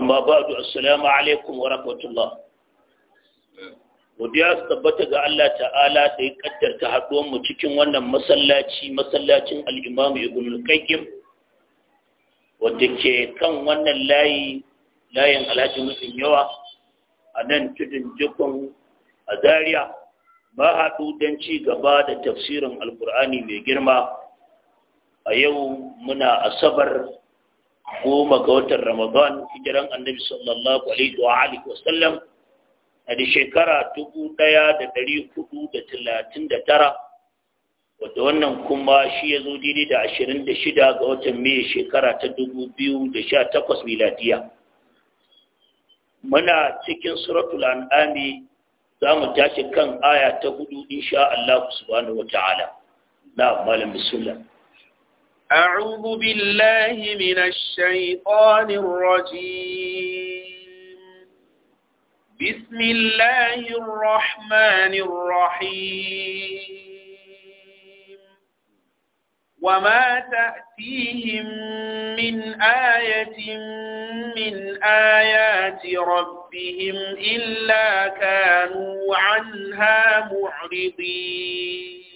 amma ba da assalamu alaikum wa rahmatullah godiya su tabbata ga Allah ta'ala da ya kaddarta haɗuwar mu cikin wannan masallaci masallacin al-Imam Ibn al-Qayyim ke kan wannan layi layin Alhaji Musin Yawa a nan tudun jikon a Zariya? ba haɗu don ci gaba da tafsirin Alkur'ani mai girma a yau muna asabar goma ga watan ramadan hijiran annabi sallallahu alaihi wa alihi wa sallam a da shekara dubu ɗaya da hudu da talatin da tara wadda wannan kuma shi ya zo daidai da ashirin da shida ga watan mai shekara ta dubu biyu da sha takwas miladiya muna cikin suratul an'ami za mu tashi kan aya ta hudu insha Allah subhanahu wa ta'ala na malam bismillah أعوذ بالله من الشيطان الرجيم بسم الله الرحمن الرحيم وما تأتيهم من آية من آيات ربهم إلا كانوا عنها معرضين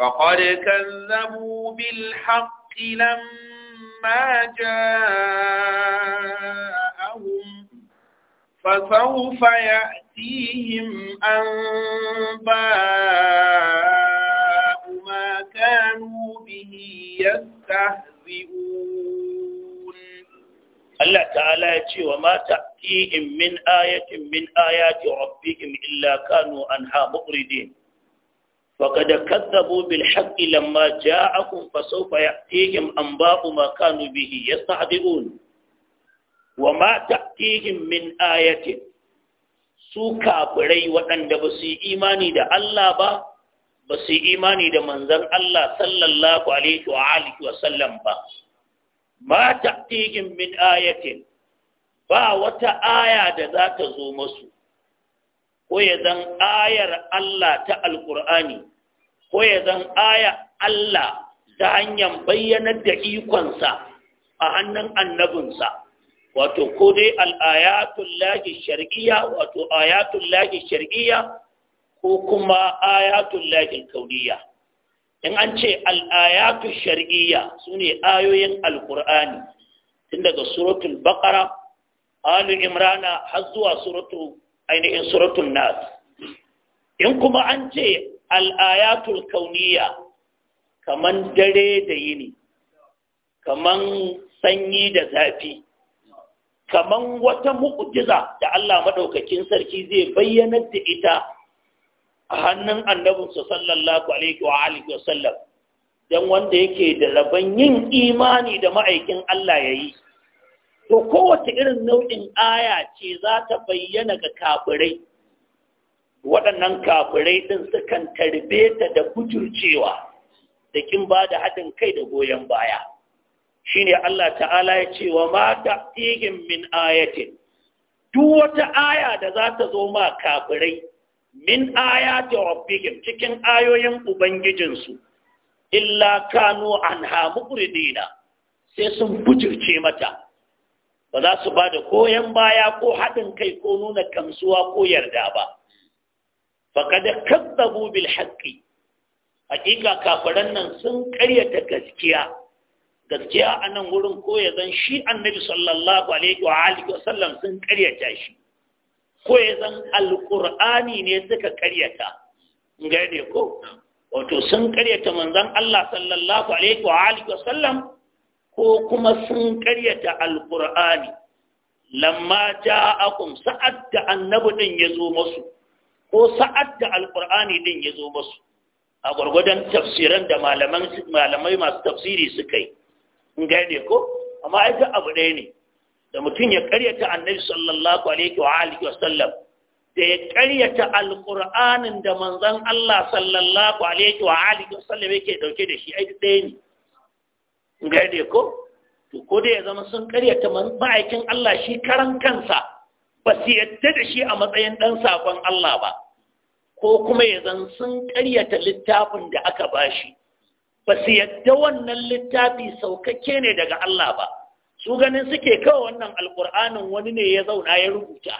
فقد كذبوا بالحق لما جاءهم فسوف يأتيهم أنباء ما كانوا به يستهزئون الله تعالى يتي وما تأتيهم من آية من آيات ربهم إلا كانوا عنها مؤردين فقد كذبوا بالحق لما جاءكم فسوف يأتيهم أنباء ما كانوا به يستهزئون وما تأتيهم من آية su kafirai waɗanda ba su yi imani da Allah ba ba su yi imani da manzan Allah sallallahu alaihi wa sallam ba ma ta'tihim min ayatin ba wata aya da zata zo masu ko ya zan ayar Allah ta alƙur'ani ko ya zan aya Allah ta hanyar bayyanar da ikonsa a hannun annabinsa wato ko dai al'ayatun lahi shari'iya, wato ayatun lahi shari'iya, ko kuma ayatun lahi kauniya in an ce al'ayatun shari'iya su ne ayoyin alƙur'ani tun daga suratul baƙara alu imrana har zuwa suratul ainihin suratun nas in kuma an ce al'ayatul kauniya kaman dare da yini kaman sanyi da zafi kaman wata mu'ujiza da Allah maɗaukakin sarki zai bayyanar da ita a hannun annabinsu sallallahu alaihi wa alihi wasallam don wanda yake da rabon yin imani da ma'aikin Allah ya yi to kowace irin nau'in aya ce za ta bayyana ga kafirai waɗannan kafirai ɗin sukan tarbe ta da bujurcewa da kin ba da haɗin kai da goyon baya Shi ne Allah ta'ala ya ce wa ma ɗigin min ayatin duk wata aya da za ta zo ma kafirai min Aya ta rabbihim cikin ayoyin ubangijinsu illa Kano an hamu sai sun bujurce mata ba za su ba da goyon baya ko haɗin kai ko nuna kamsuwa ko yarda ba faƙad kazzabu bil haƙƙi, hakika kafaran nan sun ƙaryata gaskiya gaskiya a nan wurin ko ya zan shi annabi sallallahu alaihi wa alihi wasallam sun ƙaryata shi ko ya zan alƙur'ani ne suka ƙaryata gane ko wato sun ƙaryata manzan Allah sallallahu alaihi wa alihi wasallam ko kuma sun karyata alkur'ani lamma ja'akum sa'ad da annabi din ya zo musu ko sa'ad da alkur'ani din ya zo musu a gwargwadon tafsiran da malaman malamai masu tafsiri suka yi in gane ko amma ai ga abu ɗaya ne da mutum ya karyata annabi sallallahu alaihi wa alihi wa sallam da ya karyata alkur'anin da manzon Allah sallallahu alaihi wa alihi wa sallam yake dauke da shi ai ɗaya ne gane ko to ko da ya zama sun karyata ma'aikin Allah shi karan kansa ba su yadda da shi a matsayin ɗan sakon Allah ba ko kuma ya zan sun karyata littafin da aka ba shi ba su yadda wannan littafi saukakke ne daga Allah ba su ganin suke kawai wannan alƙur'anin wani ne ya zauna ya rubuta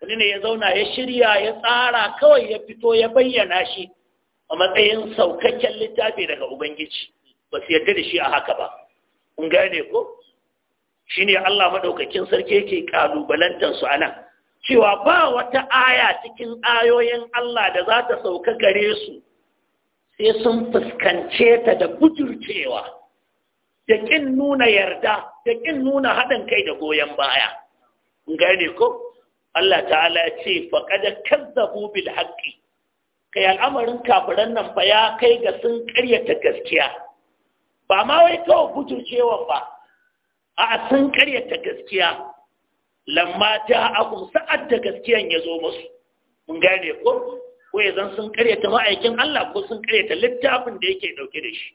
wani ne ya zauna ya shirya ya tsara kawai ya fito ya bayyana shi a matsayin saukakken littafi daga Ubangiji. ba su yadda da shi a haka ba kun gane ko Shi ne Allah maɗaukakin sarki yake kalubalantar su anan cewa ba wata aya cikin ayoyin Allah da za ta sauka gare su sai sun fuskance ta da bujurcewa da ƙin nuna yarda da ƙin nuna haɗin kai da goyon baya gane ko Allah ta'ala ya ce da kazzabu bil haƙƙi. kai al'amarin kafiran nan fa ya kai ga sun ƙaryata gaskiya ba ma wai kawai bujurcewa ba a sun karyata gaskiya lamma ta aku sa'ad da gaskiyan ya zo musu mun gane ko ko ya zan sun karyata ma'aikin Allah ko sun karyata littafin da yake dauke da shi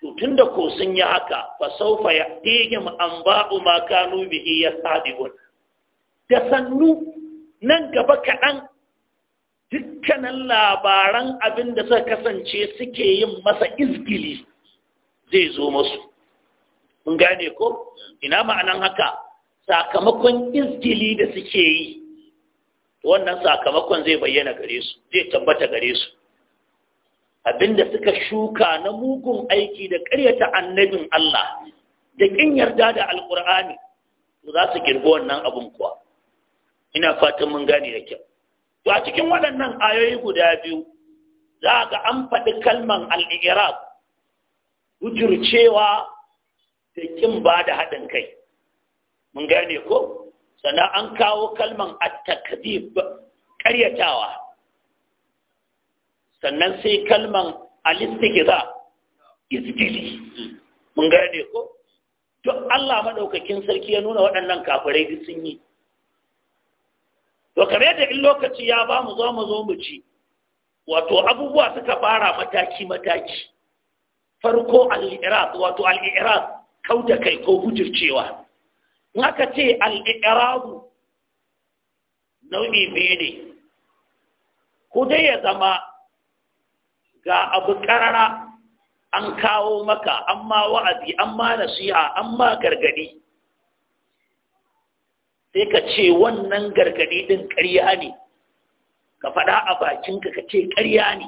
to tunda ko sun yi haka fa sawfa an ba'u ma kanu bihi yasadiqun da sannu nan gaba kaɗan dukkanin labaran abin da suka kasance suke yin masa izgili zai zo masu mun gane ko ina ma'anan haka sakamakon izgili da suke yi wannan sakamakon zai bayyana gare su zai tabbata gare su abinda suka shuka na mugun aiki da karyata annabin Allah da kin yarda da alkur'ani za su girbi wannan abun kuwa ina fatan mun gane da kyau to a cikin waɗannan ayoyi guda biyu za ga an faɗi kalman al-iraq bujurcewa da kin ba da haɗin kai mun gane ko sannan an kawo kalman at-takdib ƙaryatawa sannan sai kalman al-istighza izgili mun gane ko to Allah maɗaukakin sarki ya nuna waɗannan kafirai duk sun yi to kamar da in lokaci ya ba mu zo mu zo mu ci wato abubuwa suka fara mataki mataki farko al-i'rad wato al-i'rad da kai ko bujircewa in aka ce al-i'rad nau'i biyu ne ko dai ya zama ga abu karara an kawo maka amma wa'azi amma nasiha amma gargadi sai ka ce wannan gargadi din ƙarya ne ka faɗa a bakinka ka ce ƙarya ne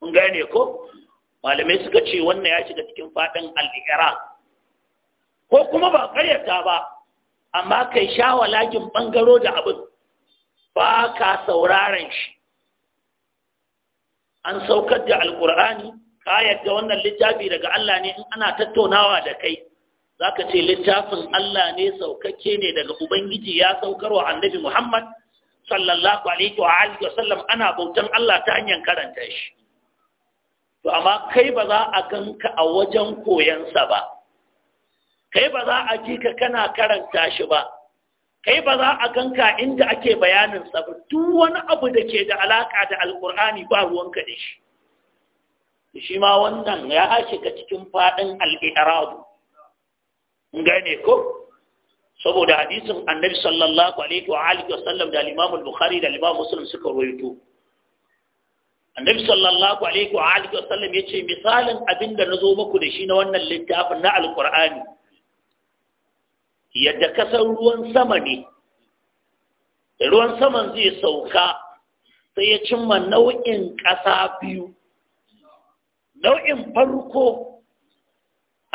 mun gane ko malamai suka ce wannan ya shiga cikin faɗin al'ira ko kuma ba karyata ba amma kai sha walakin ɓangaro da abin ba ka sauraron shi an saukar da alƙur'ani kayar da wannan littafi daga Allah ne in ana tattaunawa da kai za ka ce littafin Allah ne saukake ne daga Ubangiji ya saukarwa annabi Muhammad sallallahu alaihi wa sallam ana bautan Allah ta hanyar karanta shi to amma kai ba za a ganka a wajen koyansa ba kai ba za a ji ka kana karanta shi ba kai ba za a ganka inda ake bayanin sa ba duk wani abu da ke da alaka da alkur'ani ba ruwanka da shi shi ma wannan ya shiga cikin faɗin al'iradu gane ko saboda hadisin annabi sallallahu alaihi wa alihi wa sallam da al-imam al-bukhari da al-imam muslim suka rawaito annabi sallallahu alaihi wa alihi wasallam yace misalin abinda nazo muku da shi na wannan littafin na alqur'ani yadda kasar ruwan sama ne ruwan saman zai sauka sai ya cimma nau'in ƙasa biyu nau'in farko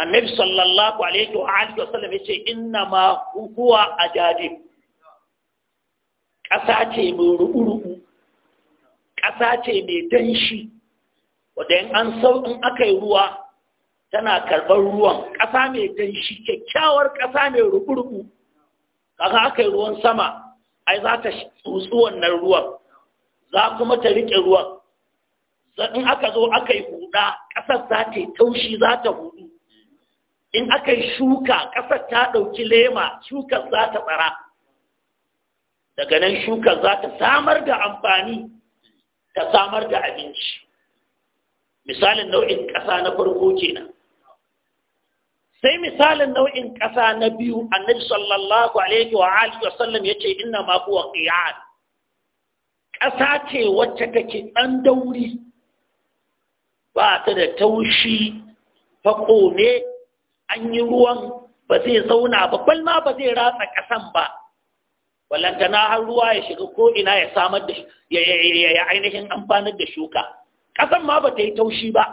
annabi sallallahu alaihi wa alihi wasallam yace inna ma huwa ajadib ƙasa ce mai rubu-rubu ƙasa ce mai danshi wadda in an sau in aka yi ruwa tana karɓar ruwan ƙasa mai danshi kyakkyawar ƙasa mai rubu-rubu aka yi ruwan sama ai za ta tsutsu wannan ruwan za kuma ta riƙe ruwan in aka zo aka yi huɗa ƙasar za ta yi taushi za ta huɗu in aka yi shuka ƙasar ta ɗauki lema shukar za ta tsara daga nan shukar za ta samar da amfani ta samar da abinci misalin nau'in ƙasa na farko kenan sai misalin nau'in ƙasa na biyu annabi sallallahu alaihi wa alihi wa sallam yace inna ma huwa qiyan ƙasa ce wacce take dan dauri ba ta da taushi fako ne an yi ruwan ba zai zauna ba kwalma ba zai ratsa ƙasan ba wallantana har ruwa ya shiga ko'ina ina ya samar da ya ainihin amfanar da shuka ƙasan ma ba ta yi taushi ba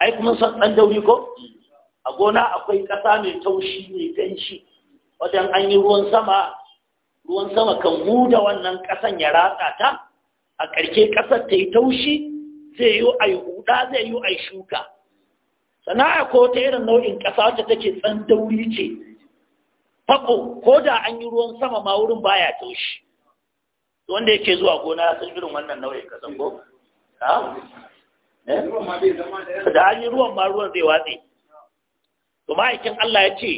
ai kuma san ɗan dauri ko a gona akwai ƙasa mai taushi mai danshi wajen an yi ruwan sama ruwan sama kan huda wannan ƙasan ya ratsa ta a ƙarshe ƙasar ta yi taushi zai yi a yi huda zai yi a yi shuka sana'a ko ta irin nau'in ƙasa wacce take tsandauri ce fako ko da an yi ruwan sama ma wurin baya taushi wanda yake zuwa gona ya san irin wannan nau'in kasan ko eh? da an yi ruwan ma ruwan zai watse to ma'aikin Allah ya ce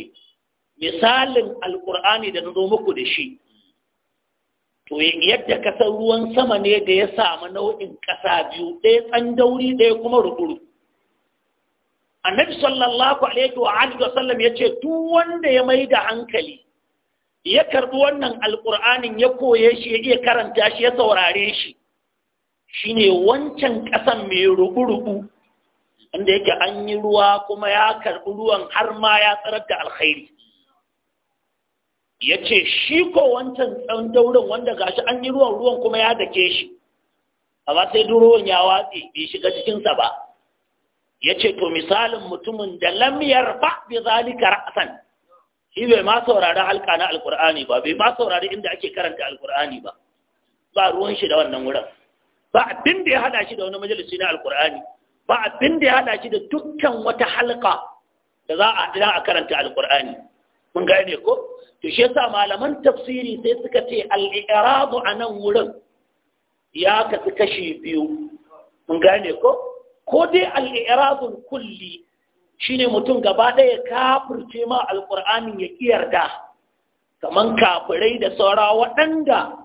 misalin alkur'ani da na zo muku da shi to yadda kasar ruwan sama ne da ya samu nau'in ƙasa biyu ɗaya tsandauri ɗaya kuma ruburu annabi sallallahu alaihi wa alihi wasallam yace duk wanda ya mai da hankali ya karbi wannan alqur'anin ya koye shi ya iya karanta shi ya saurare shi shine wancan kasan mai rubu-rubu inda yake an yi ruwa kuma ya karbi ruwan har ma ya tsarar da alkhairi yace shi ko wancan tsawon daurin wanda gashi an yi ruwan ruwan kuma ya dake shi amma sai durowan ya watse bai shiga cikinsa ba ya ce to misalin mutumin da lamiyar ba bi zalika ra'san shi bai ma saurari halka na alkur'ani ba bai ma saurari inda ake karanta alkur'ani ba ba ruwan shi da wannan wurin ba abin da ya hada shi da wani majalisi na alkur'ani ba abin da ya hada shi da dukkan wata halka da za a haɗu a karanta alkur'ani mun gane ko to shi yasa malaman tafsiri sai suka ce al-i'radu a nan wurin ya kasu kashi biyu mun gane ko ko dai al'irazun kulli shine mutum gaba ɗaya kafirce ma al’ur'anin ya ƙiyarda kamar kafirai da saura waɗanda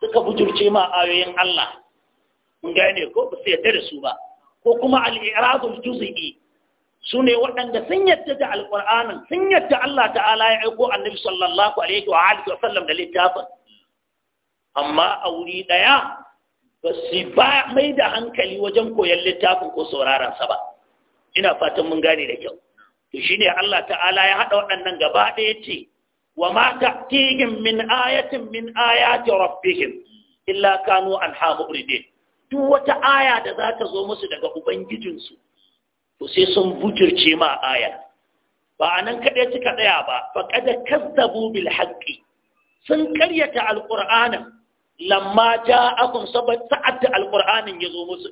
suka bujurce ma ayoyin Allah gane ko ba sai yadda da su ba ko kuma al'irazul juzi'i su ne waɗanda sun yadda da al’ur'anin, sun yadda Allah ta'ala ya aiko annabi sallallahu alaihi wa sallam da littafin amma a wuri ɗaya ba su ba mai da hankali wajen koyon littafin ko sauraron sa ba ina fatan mun gane da kyau to shine Allah ta'ala ya hada waɗannan gaba ɗaya yace wa ma tigin min ayatin min ayati rabbihim illa kanu anha muridin duk wata aya da za ta zo musu daga ubangijinsu to sai sun bujirce ma aya ba a nan kaɗai suka tsaya ba faƙada kazzabu bil haƙƙi sun karyata alqur'ana lamma ja'akum sabat sa'ad alqur'anin yazo musu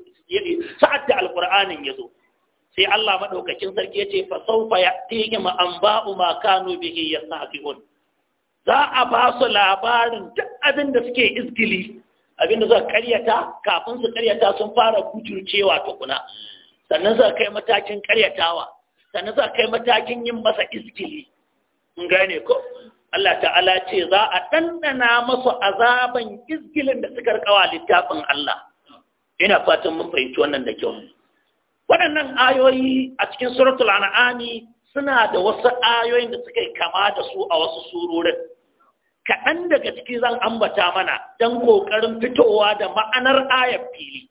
sa'adda alqur'anin yazo sai Allah madaukakin sarki yace fa sawfa ma anba'u ma kanu bihi yastahzi'un za a ba su labarin duk abin da suke izgili abin da suka karyata kafin su karyata sun fara kuturcewa tukuna sannan suka kai matakin karyatawa sannan suka kai matakin yin masa izgili in gane ko Allah ta'ala ce za a ɗanɗana masu azaban izgilin da suka rikawa littafin Allah ina fatan mun fahimci wannan da kyau waɗannan ayoyi a cikin suratul an'ami suna da wasu ayoyin da suka yi kama da su a wasu surorin kaɗan daga ciki zan ambata mana don ƙoƙarin fitowa da ma'anar ayar fili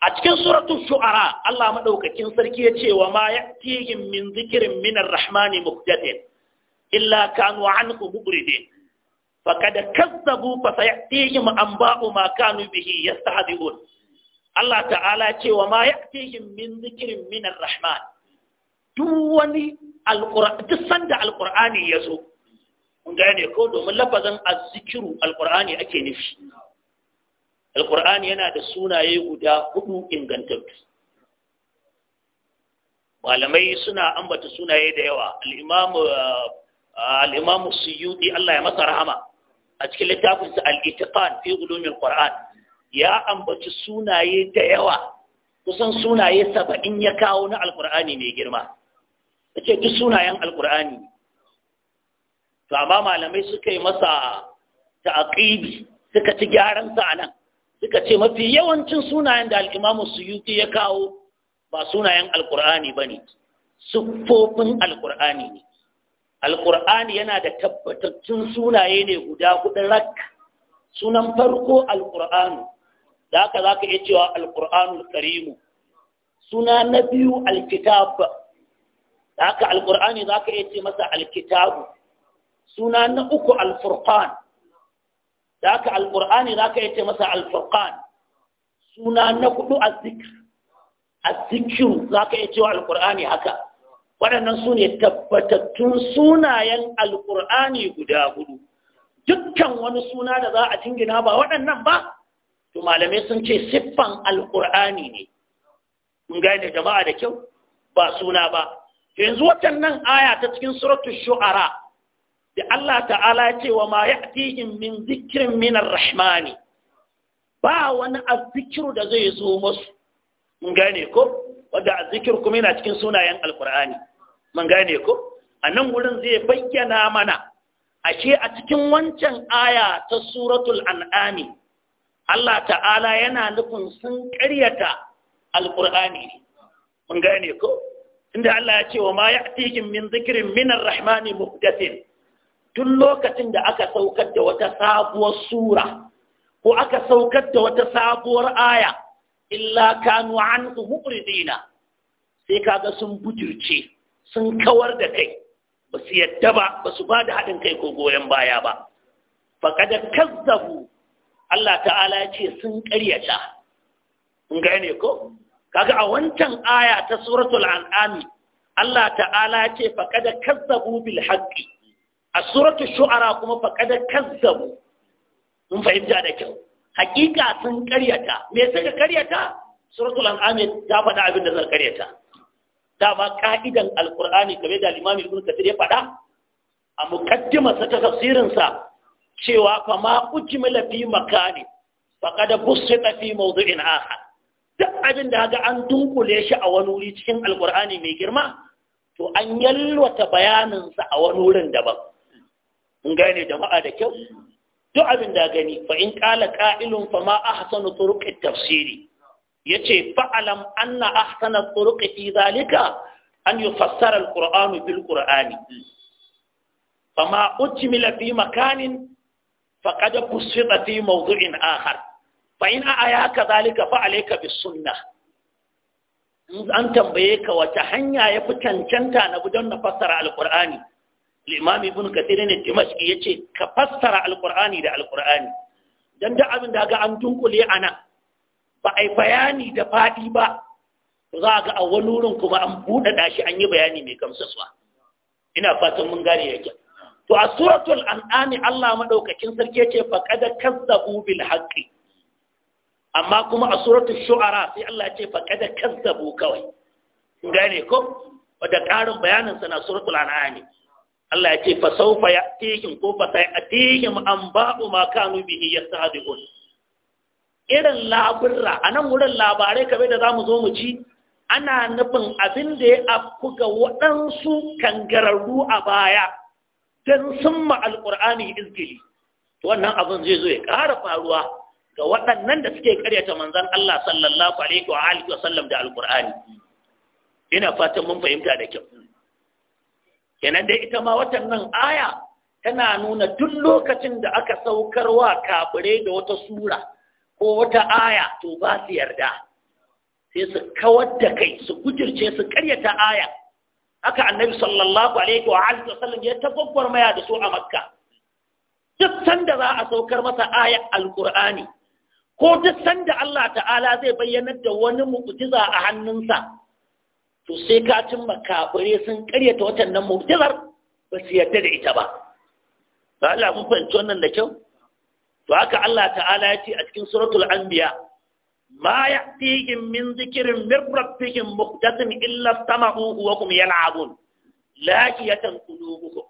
a cikin suratul shu'ara Allah maɗaukakin sarki ya ce wa ma ya'tihim min zikirin minar rahmani muhdathin illa kanu hanku mubridin فقد كذبوا فسيأتيهم أنباء ما كانوا به يستهزئون الله تعالى cewa ma ya'tihim min zikrin min ar-rahman duk wani alqur'ani duk sanda alqur'ani yazo kun gane ko domin lafazin az-zikru ake nufi alqur'ani yana da sunaye guda hudu ingantattu malamai suna ambata sunaye da yawa al al-imam suyuti Allah ya masa rahama a cikin littafinsa sa al-itiqan fi ulumil qur'an ya ambaci sunaye da yawa kusan sunaye 70 ya kawo na Alƙur'ani mai girma yace duk sunayen Alƙur'ani. to amma malamai suka yi masa ta'aqibi suka ci gyaran sa anan suka ce mafi yawancin sunayen da al-imam suyuti ya kawo ba sunayen ba bane siffofin alkur'ani ne alƙur'ani yana da tabbatattun sunaye ne guda huɗu rak sunan farko alƙur'anu da haka za ka iya cewa alƙur'anu karimu suna na biyu alkitab da haka alƙur'ani za ka iya ce masa alkitabu suna na uku alfurqan da haka alƙur'ani za ka iya ce masa alfurqan suna na huɗu azzikir azzikiru za ka iya cewa alƙur'ani haka waɗannan su ne tabbatattun sunayen alƙur'ani guda hudu dukkan wani suna da za a jingina ba waɗannan ba to malamai sun ce siffan alƙur'ani ne mun gane jama'a da kyau ba suna ba to yanzu waɗannan aya ta cikin suratu shu'ara da Allah ta'ala ya ce wa ma ya'tihim min dhikrin min rahmani ba wani azzikiru da zai zo musu mun gane ko wanda azzikir kuma yana cikin sunayen alƙur'ani mun gane ko a nan wurin zai bayyana mana ashe a cikin wancan aya ta suratul an'ami Allah ta'ala yana nufin sun ƙaryata alƙur'ani ne mun gane ko inda Allah ya ce wa ma ya'tikum min dhikrin min ar-rahmani muhdathin duk lokacin da aka saukar da wata sabuwar sura ko aka saukar da wata sabuwar aya illa kanu an muridina sai kaga sun bujurce sun kawar da kai ba su yadda ba ba su ba da haɗin kai ko goyon baya ba faƙada kazzabu Allah ta'ala ya ce sun ƙaryata in gane ko kaga a wancan aya ta suratul an'ami Allah ta'ala ya ce faƙada kazzabu bil haqqi a suratul shu'ara kuma faƙada kazzabu mun fahimta da kyau hakika sun ƙaryata me suka ƙaryata suratul an'ami ta faɗa abin da zan ƙaryata dama ka'idan alkur'ani game da limamin ibn kathir ya faɗa a mukaddimarsa ta tafsirinsa cewa fa ma ujmila fi makani faqad busita fi mawdu'in akhar duk abin da ga an dunkule shi a wani wuri cikin alkur'ani mai girma to an yalwata bayaninsa a wani wurin daban in gane jama'a da kyau duk abin da gani fa in qala qa'ilun fa ma ahsanu turuqit tafsiri yace fa'alam anna ahsana turuqi fi zalika an yufassara alqur'anu bil qur'ani fama ujmila fi makanin faqad kusfita fi mawdu'in akhar fa in ka zalika fa alayka bis sunnah an tambaye ka wata hanya ya fi cancanta na gudan na fassara alkur'ani limami ibn kathir ne ya yace ka fassara alkur'ani da alkur'ani dan da abin da ga an dunkule nan. ba a yi bayani da faɗi ba za a ga a wani wurin kuma an buɗe shi an yi bayani mai gamsaswa ina fatan mun gane yake to a suratul an'ami Allah madaukakin sarki yace fa qad kazzabu bil haqqi amma kuma a suratul shu'ara sai Allah yace fa qad kazzabu kawai gane ko da ƙarin bayanin sa na suratul an'ami Allah yace fa sawfa ya'tihim ko fa sa'atihim amba'u ma kanu bihi yastahdiqun irin laburra a nan wurin labarai kamar da za mu zo mu ci ana nufin abin da ya afku ga waɗansu kangararru a baya don sun ma alƙur'ani izgili wannan abin zai zo ya ƙara faruwa ga waɗannan da suke karyata manzan Allah sallallahu alaihi wa alihi wa sallam da alƙur'ani ina fatan mun fahimta da kyau kenan dai ita ma watan nan aya tana nuna duk lokacin da aka saukar wa kafirai da wata sura ko wata aya to ba su yarda sai su kawar da kai su gujirce su karyata aya haka annabi sallallahu alaihi wa alihi sallam ya tabbabar maya da su a makka duk sanda za a saukar masa aya alqur'ani ko duk sanda Allah ta'ala zai bayyana da wani mu'jiza a hannunsa to sai ka cimma kafirai sun karyata watannan mu'jizar ba su yarda da ita ba ba Allah mun fahimci wannan da kyau to haka Allah ta'ala ya ce a cikin suratul anbiya ma ya'tihim min dhikrin min rabbihim muhdathin illa tama'u wa hum yal'abun lakiyatan qulubukum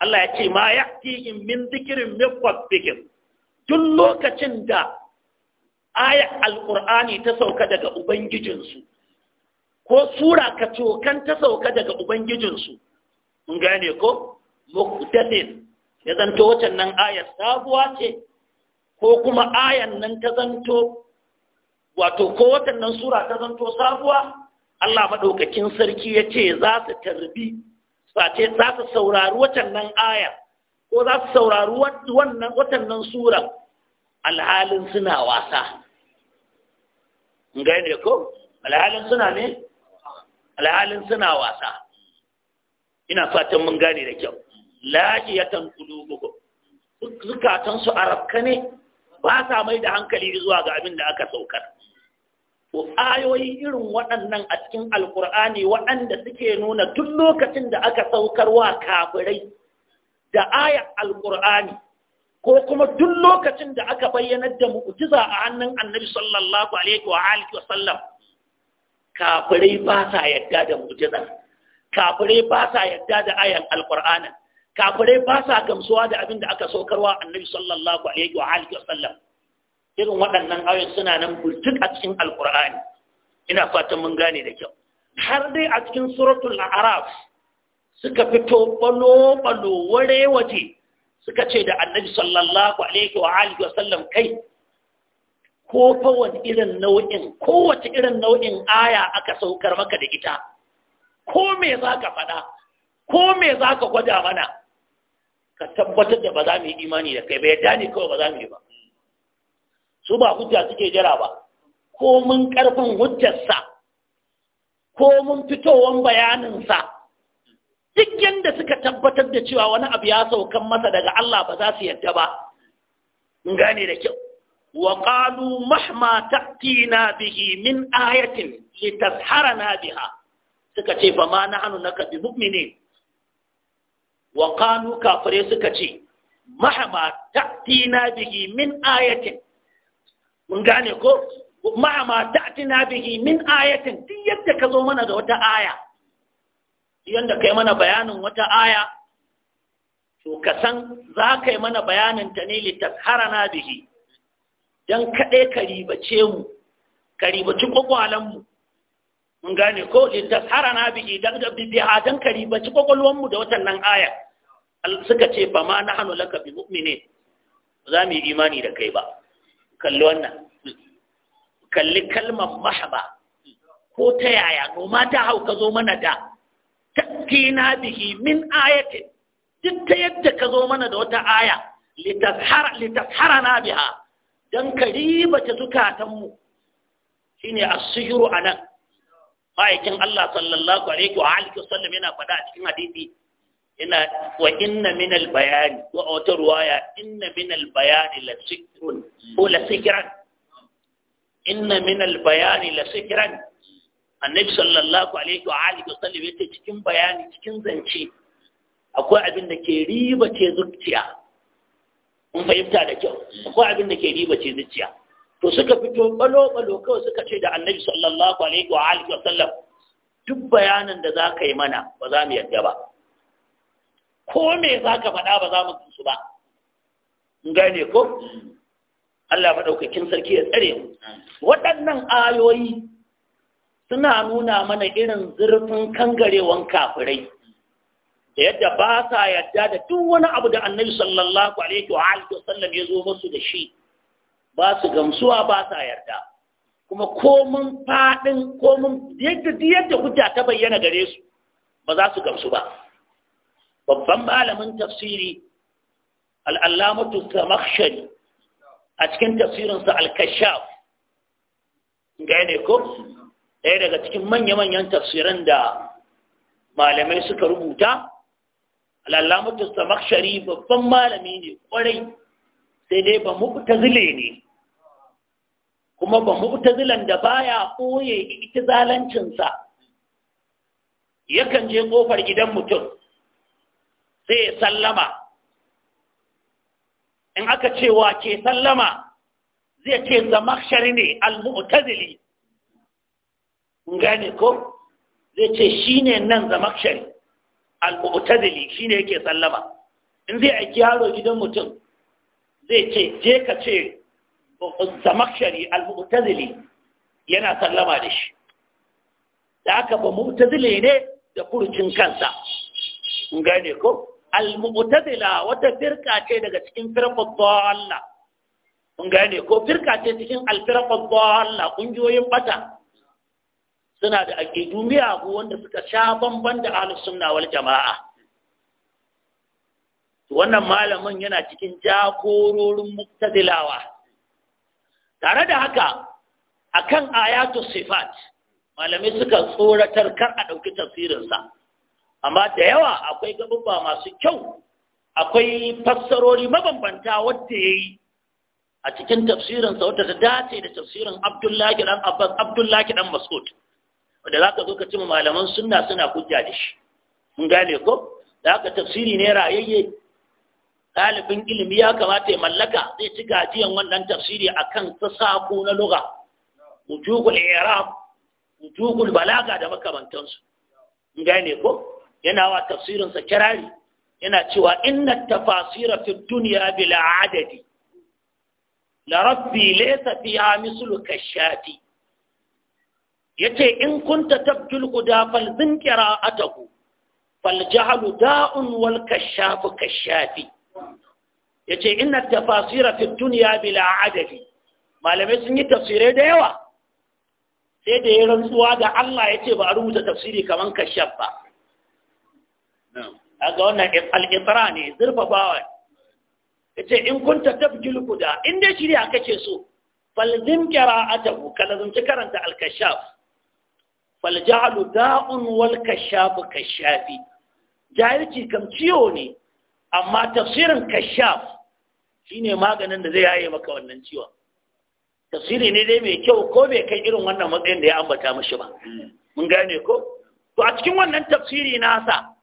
Allah ya ce ma ya'tihim min zikirin min rabbihim tun lokacin da aya alqur'ani ta sauka daga ubangijinsu ko sura ka cokan ta sauka daga ubangijinsu mun gane ko muhdathin ya zanto wacan nan ayar sabuwa ce ko kuma ayan nan ta zanto wato ko watan nan sura ta zanto sabuwa Allah maɗaukakin sarki ya ce za su tarbi sace za su saurari wacan nan aya ko za su saurari wannan watan nan sura alhalin suna wasa ne ko alhalin suna ne alhalin suna wasa ina fatan mun gane da kyau lajiyatan qulubuhum zukatan su arabka ne ba sa mai da hankali zuwa ga abin da aka saukar to ayoyi irin waɗannan a cikin alkur'ani waɗanda suke nuna duk lokacin da aka saukar wa kafirai da aya alkur'ani ko kuma duk lokacin da aka bayyanar da mu'jiza a hannun annabi sallallahu alaihi wa alihi wasallam kafirai ba sa yadda da mu'jiza kafirai ba sa yadda da ayar alkur'anin kafirai ba sa gamsuwa da abin da aka saukarwa annabi sallallahu alaihi wa alihi wasallam irin waɗannan ayoyin suna nan burtuk a cikin alqur'ani ina fatan mun gane da kyau har dai a cikin suratul araf suka fito balo balo ware waje suka ce da annabi sallallahu alaihi wa alihi wasallam kai ko fa irin nau'in kowace irin nau'in aya aka saukar maka da ita ko me za ka faɗa ko me za ka gwada mana ka tabbatar da ba za mu yi imani da kai ba yadda ne kawai ba za mu yi ba su ba hujja suke jira ba ko mun karfin hujjarsa ko mun fitowan bayaninsa duk yadda suka tabbatar da cewa wani abu ya saukan masa daga Allah ba za su yadda ba mun gane da kyau wa qalu mahma ta'tina bihi min ayatin litasharana biha suka ce fa ma nahnu naka bi mu'minin wa kanu kafare suka ce mahama ta'tina bihi min ayatin mun gane ko mahama ta'tina bihi min ayatin duk yadda ka zo mana da wata aya yadda kai mana bayanin wata aya to ka san za kai mana bayanin ta ne litasharana bihi don kaɗai kariba ribace mu ka ribaci mu mun gane ko idan na bi idan bi hadan kari ci kokolwan mu da watannan aya suka ce ba ma hanu laka bi mu'minin za mu yi imani da kai ba kalli wannan kalli kalmar mahaba ko ta yaya noma ta hau ka zo mana da na bihi min ayati duk ta yadda ka zo mana da wata aya na biha don ka zukatan mu shine as-sihru anan ma'aikin Allah sallallahu alaihi wa alihi wasallam yana faɗa a cikin hadisi ina wa inna min al bayani wa wata ruwaya inna min al bayani la sikrun ko la sikran inna min al bayani la sikran annabi sallallahu alaihi wa alihi wasallam yace cikin bayani cikin zance akwai abin da ke riba ce zuciya mun fahimta da kyau akwai abin da ke riba ce zuciya to suka fito balo-balo kawai suka ce da annabi sallallahu alaihi wa alihi wa sallam duk bayanan da za ka yi mana ba za mu yadda ba ko me za ka faɗa ba za mu su ba gane ko Allah maɗaukakin sarki ya tsare mu waɗannan ayoyi suna nuna mana irin zurfin kangarewan kafirai da yadda ba sa yadda da duk wani abu da annabi sallallahu alaihi wa alihi wa sallam ya zo musu da shi ba su gamsuwa ba sa yarda kuma komin faɗin komin yadda yadda hujja ta bayyana gare su ba za su gamsu ba babban malamin tafsiri al'allamatu zamakhshari a cikin tafsirinsa al-kashaf ne ko ɗaya daga cikin manya-manyan tafsirin da malamai suka rubuta al'allamatu zamakhshari babban malami ne kwarai. sai dai ba mu'tazile ne kuma ba mu'tazilan da baya koye itizalancin sa yakan je kofar gidan mutum sai ya sallama in aka ce wa ke sallama zai ce zamakshari ne al-mu'tazili gane ko zai ce shine nan zamakshari al-mu'tazili shine yake sallama in zai aiki yaro gidan mutum zai ce je ka ce zamakshari al-mu'tazili yana sallama da shi da aka ba mu'tazili ne da furucin kansa in gane ko al-mu'tazila wata firka ce daga cikin firqa dalla kun gane ko firka ce cikin al firqa dalla kungiyoyin bata suna da aqidu miyagu wanda suka sha bamban da ahlus sunna wal jama'a wannan malamin yana cikin jakororin muktadilawa tare da haka akan ayatu sifat malamai suka tsoratar kar a ɗauki tafsirinsa amma da yawa akwai gabubba masu kyau akwai fassarori mabambanta wanda ya yi a cikin tafsirinsa wadda ta dace da tafsirin abdullahi dan abbas abdullahi dan mas'ud wanda za ka zo ka ci malaman sunna suna hujja da shi mun gane ko da haka tafsiri ne rayayye ɗalibin ilimi ya kamata ya mallaka zai ci gajiyan wannan tafsiri akan ta sako na luga mutukul i'rab mutukul balaga da makamantansu ne ko yana wa tafsirinsa kirari yana cewa inna tafasira fi duniya bila adadi la rabbi laysa fiha mislu kashati yace in kunta tabjul quda fal kira ataku fal jahlu da'un wal kashafu kashafi yace inna tafasira ya dunya bila adadi malamai sun yi tafsirai da yawa sai da ya rantsuwa da Allah yace ba a rubuta tafsiri kaman kashaf ba ga wannan al-itra ne zurfafawa yace in kunta tafjil kuda in dai shirya kace so falzim qira'atahu ci karanta al-kashaf falja'lu da'un wal kashaf kashafi jahilci kam ciwo ne amma tafsirin kashaf Shi ne maganin da zai yaye maka wannan ciwon tafsiri ne dai mai kyau ko bai kai irin wannan matsayin da ya ambata mashi ba hmm. mun gane ko to a cikin wannan tafsiri nasa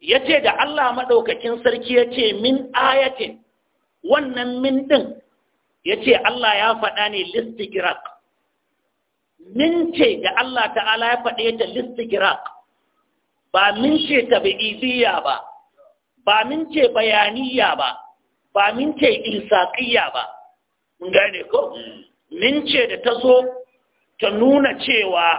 ya ce da Allah maɗaukakin sarki ya ce min ayatin wannan min ɗin ya ce Allah ya faɗa ne listigirak min ce da Allah ta'ala ya faɗe ta listigirak ba min ce ta ba ba min ce bayaniya ba ba mince ilsaƙiyya ba mun gane ko Min ce da ta zo ta nuna cewa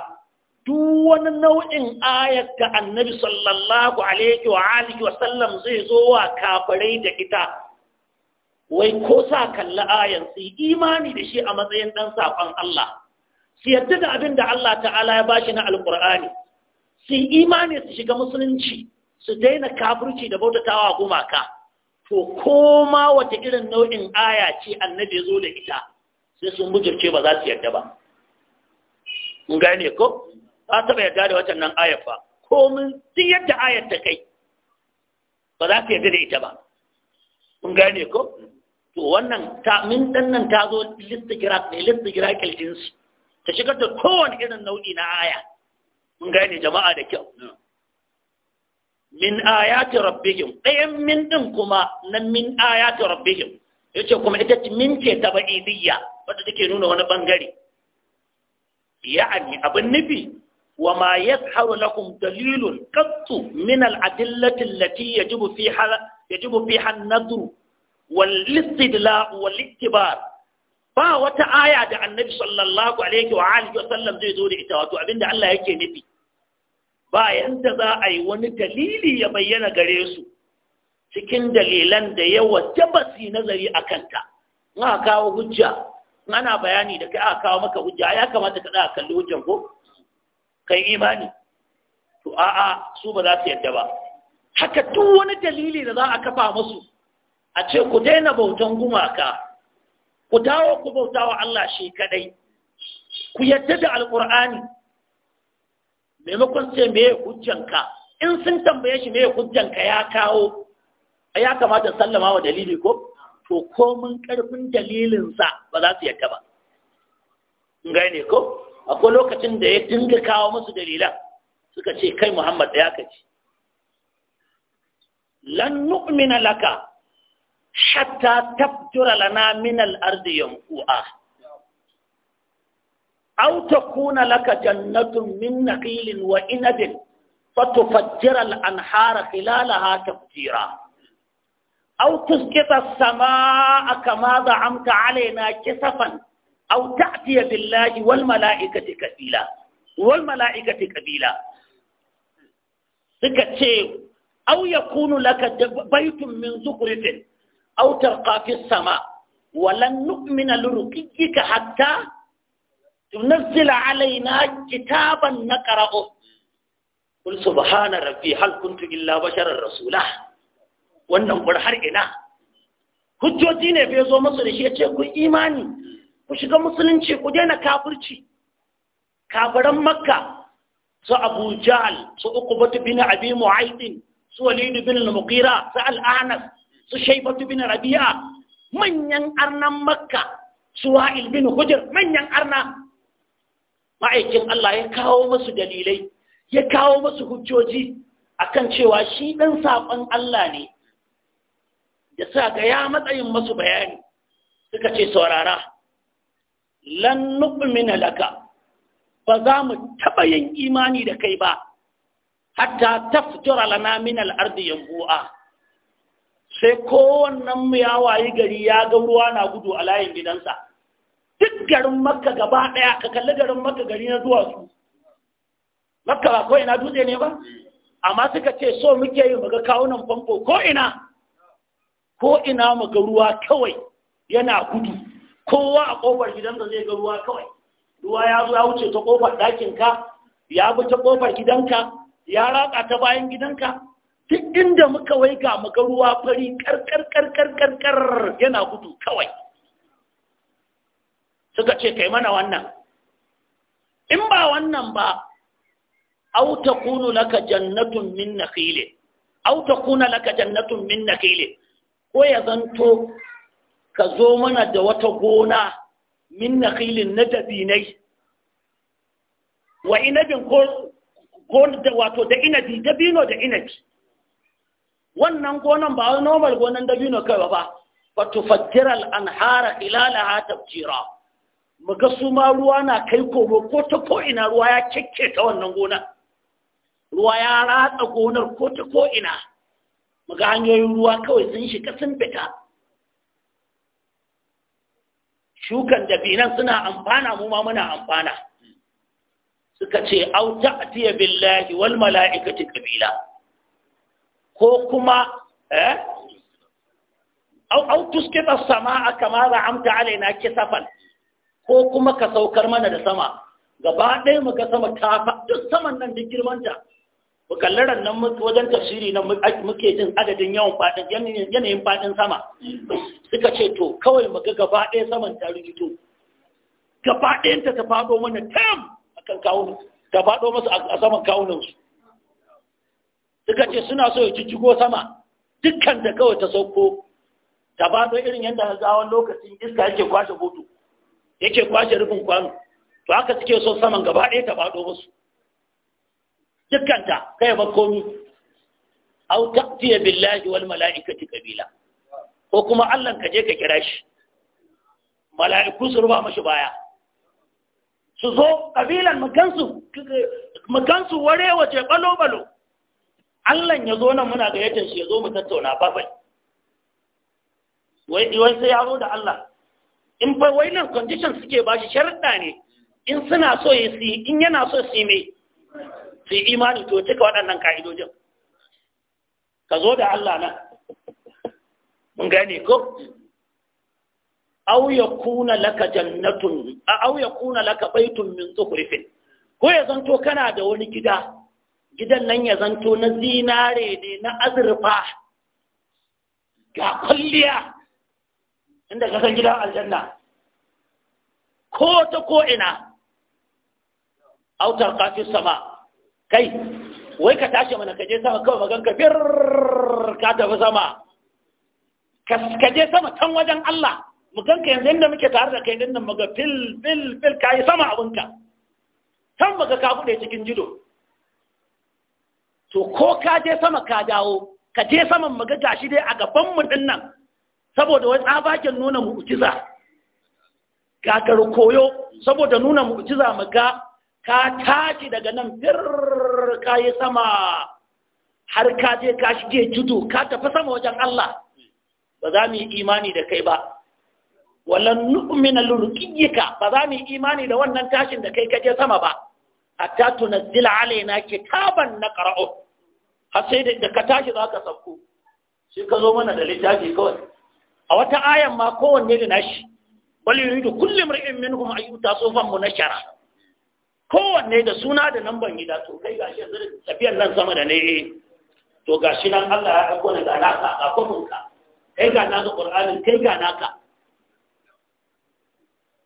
duk wani nau'in ayar da annabi sallallahu alaihi wa alihi wa sallam zai zo wa kafirai da ita wai ko sa kalli ayar su imani da shi a matsayin ɗan saƙon Allah su yadda da abin da Allah ta'ala ya bashi na alƙur'ani su imani su shiga musulunci su daina kafirci da bautatawa gumaka to koma wata irin nau'in aya ce annabi ya zo da ita sai sun bujurce ba za su yarda ba mun gane ko ba taɓa yarda da watan nan ayar ba komin duk yadda ayar ta kai ba za su yarda da ita ba mun gane ko to wannan ta min dan nan ta zo kira ne listigraf jinsi ta shigar da kowane irin nau'i na aya mun gane jama'a da kyau min ayati rabbihim ɗayan min ɗin kuma na min ayati rabbihim yace kuma ita min ce ta ba'idiyya wadda take nuna wani bangare ya'ani abin nufi wa ma yasharu lakum dalilun qattu min al-adillati allati yajibu fiha yajibu nadru ba wata aya da annabi sallallahu alaihi wa alihi wa sallam zai zo da ita wato abinda Allah yake nufi Bayan da za a yi wani dalili ya bayyana gare su cikin dalilan da yawa yi nazari a kanta na kawo hujja ana bayani da kai aka kawo maka hujja ya kamata ka tsaya kalli hujjan ko kai imani to a'a su ba za su yadda ba haka duk wani dalili da za a kafa masu a ce ku daina bautan gumaka ku dawo ku bauta wa Allah shi kadai ku yadda da alqur'ani maimakon ce me hujjanka in sun tambaye shi me hujjanka ya kawo ya kamata sallama wa dalili ko to komin karfin dalilinsa ba za su yadda ba gane ko akwai lokacin da ya dinga kawo musu dalilan suka ce kai muhammad da ya kaci lan nu'mina laka hatta tabjura lana min al-ardi yanqu'a أو تكون لك جنة من نخيل وإنب فتفجر الأنهار خلالها تفجيرا أو تسقط السماء كما زعمت علينا كسفا أو تأتي بالله والملائكة كفيلا والملائكة كفيلا سكتشيو أو يكون لك بيت من زخرف أو ترقى في السماء ولن نؤمن لرقيك حتى tunazzila alaina kitaban naqra'u kul subhana rabbi hal kuntu illa basharar rasula wannan kur har ina hujjoji ne bai zo masu da shi ce ku imani ku shiga musulunci ku daina kafirci kafiran makka su abu jahl su uqbatu bin abi mu'ayd su Walidu bin al-muqira su al-anas su shaybatu bin rabi'a manyan arnan makka su wa'il bin hujr manyan arna ma'aikin Allah ya kawo masu dalilai ya kawo masu hujjoji a kan cewa shi ɗan saƙon Allah ne Ya sa ga ya matsayin masu bayani suka ce saurara lan nu'mina laka ba za mu taɓa yin imani da kai ba hatta fitura lana min al ya bua. sai kowannan mu ya wayi gari ya ga ruwa na gudu a layin gidansa duk garin makka gaba ɗaya ka kalli garin makka gari na duwatsu makka ba ko ina dutse ne ba amma suka ce so muke yi muga kawunan famfo ko ina ko ina muga ruwa kawai yana gudu kowa a kofar da zai ga ruwa kawai ruwa ya zo ya wuce ta kofar ka ya bi ta kofar gidanka ya ratsa ta bayan gidanka duk inda muka wai ga muga ruwa fari karkar karkar karkar yana gudu kawai suka ce kai mana wannan in ba wannan ba Auta kunu laka jannatun min nakhil Auta Kuna laka jannatun min nakhile ko ya zanto ka zo mana da wata gona min nakhilin na dabinai wa inabin ko da wato da inabi dabino da inabi wannan gonan ba wani normal gonan dabino kai ba fa tufajjira al-anhara ilalaha tafjira muga su ma ruwa na kai komo ko ta ko'ina ruwa ya cike ta wannan gona. ruwa ya ratsa gonar ko ta ko'ina muga hanyoyin ruwa kawai sun shiga sun fita shukan dabinan suna amfana mu ma muna amfana suka ce au ta'tiya billahi wal mala'ikati kabila ko kuma eh au au tuskita samaa kama amta alaina kisafan ko kuma ka saukar mana da sama gaba ɗaya mu ga sama ta fa duk saman nan da girmanta mu kalli nan wajen tafsiri nan muke jin adadin yawan fadin yanayin fadin sama suka ce to kawai mu ga gaba ɗaya saman ta rigito gaba ɗayan ta ta faɗo mana tam akan kawunan ta faɗo masu a saman kawunan su suka ce suna so ya jijjigo sama dukkan da kawai ta sauko ta faɗo irin yadda hazawan lokacin iska yake kwashe hutu yake kwashe rufin kwano to haka suke so saman gaba ɗaya ta faɗo musu dukkanta kai ba komi au taqti billahi wal mala'ikati kabila ko kuma Allah ka je ka kira shi mala'iku su ruba mashi baya su zo kabilan magansu magansu ware wace balo balo Allah ya zo nan muna gayyatar shi ya zo mu tattauna babai wai sai ya zo da Allah in ba wai nan condition suke ba shi sharuɗa ne in suna so ya yi in yana so su mai su yi imani to cika waɗannan ka'idojin ka zo da Allah nan mun gane ko aw yakuna laka jannatun aw yakuna laka baitun min zukhrifin ko ya zanto kana da wani gida gidan nan ya zanto na zinare ne na azurfa ga kulliya inda ka san gidan aljanna ko ta ko ina autar kafin sama kai wai ka tashi mana kaje sama kawai magan ka fir ka tafi sama je sama kan wajen Allah mu ganka yanzu inda muke tare da kai din nan maga fil fil fil kai sama abinka kan maga ka bude cikin jido to ko ka je sama ka dawo ka je saman maga gashi dai a gaban mu din nan saboda wani tsabagen nuna mu'ujiza, kakar koyo saboda nuna mu'ujiza mu ga ka tashi daga nan fir ka yi sama har ka je ka shige judu ka tafi sama wajen Allah ba za mu yi imani da kai ba wallan nu'mina lurqiyyika ba za mu yi imani da wannan tashin da kai ka je sama ba hatta tunazzila alaina kitaban naqra'u har sai da ka tashi za ka sauko shi ka zo mana da littafi kawai a wata ayan ma kowanne da nashi wal yuridu kullu mar'in minhum an yuta na munashara kowanne da suna da yi gida to kai gashi yanzu tafiyan nan sama da ne eh. to gashi nan Allah ya dauko ne ga naka a kofunka kai ga naka ƙur'ani, kai ga naka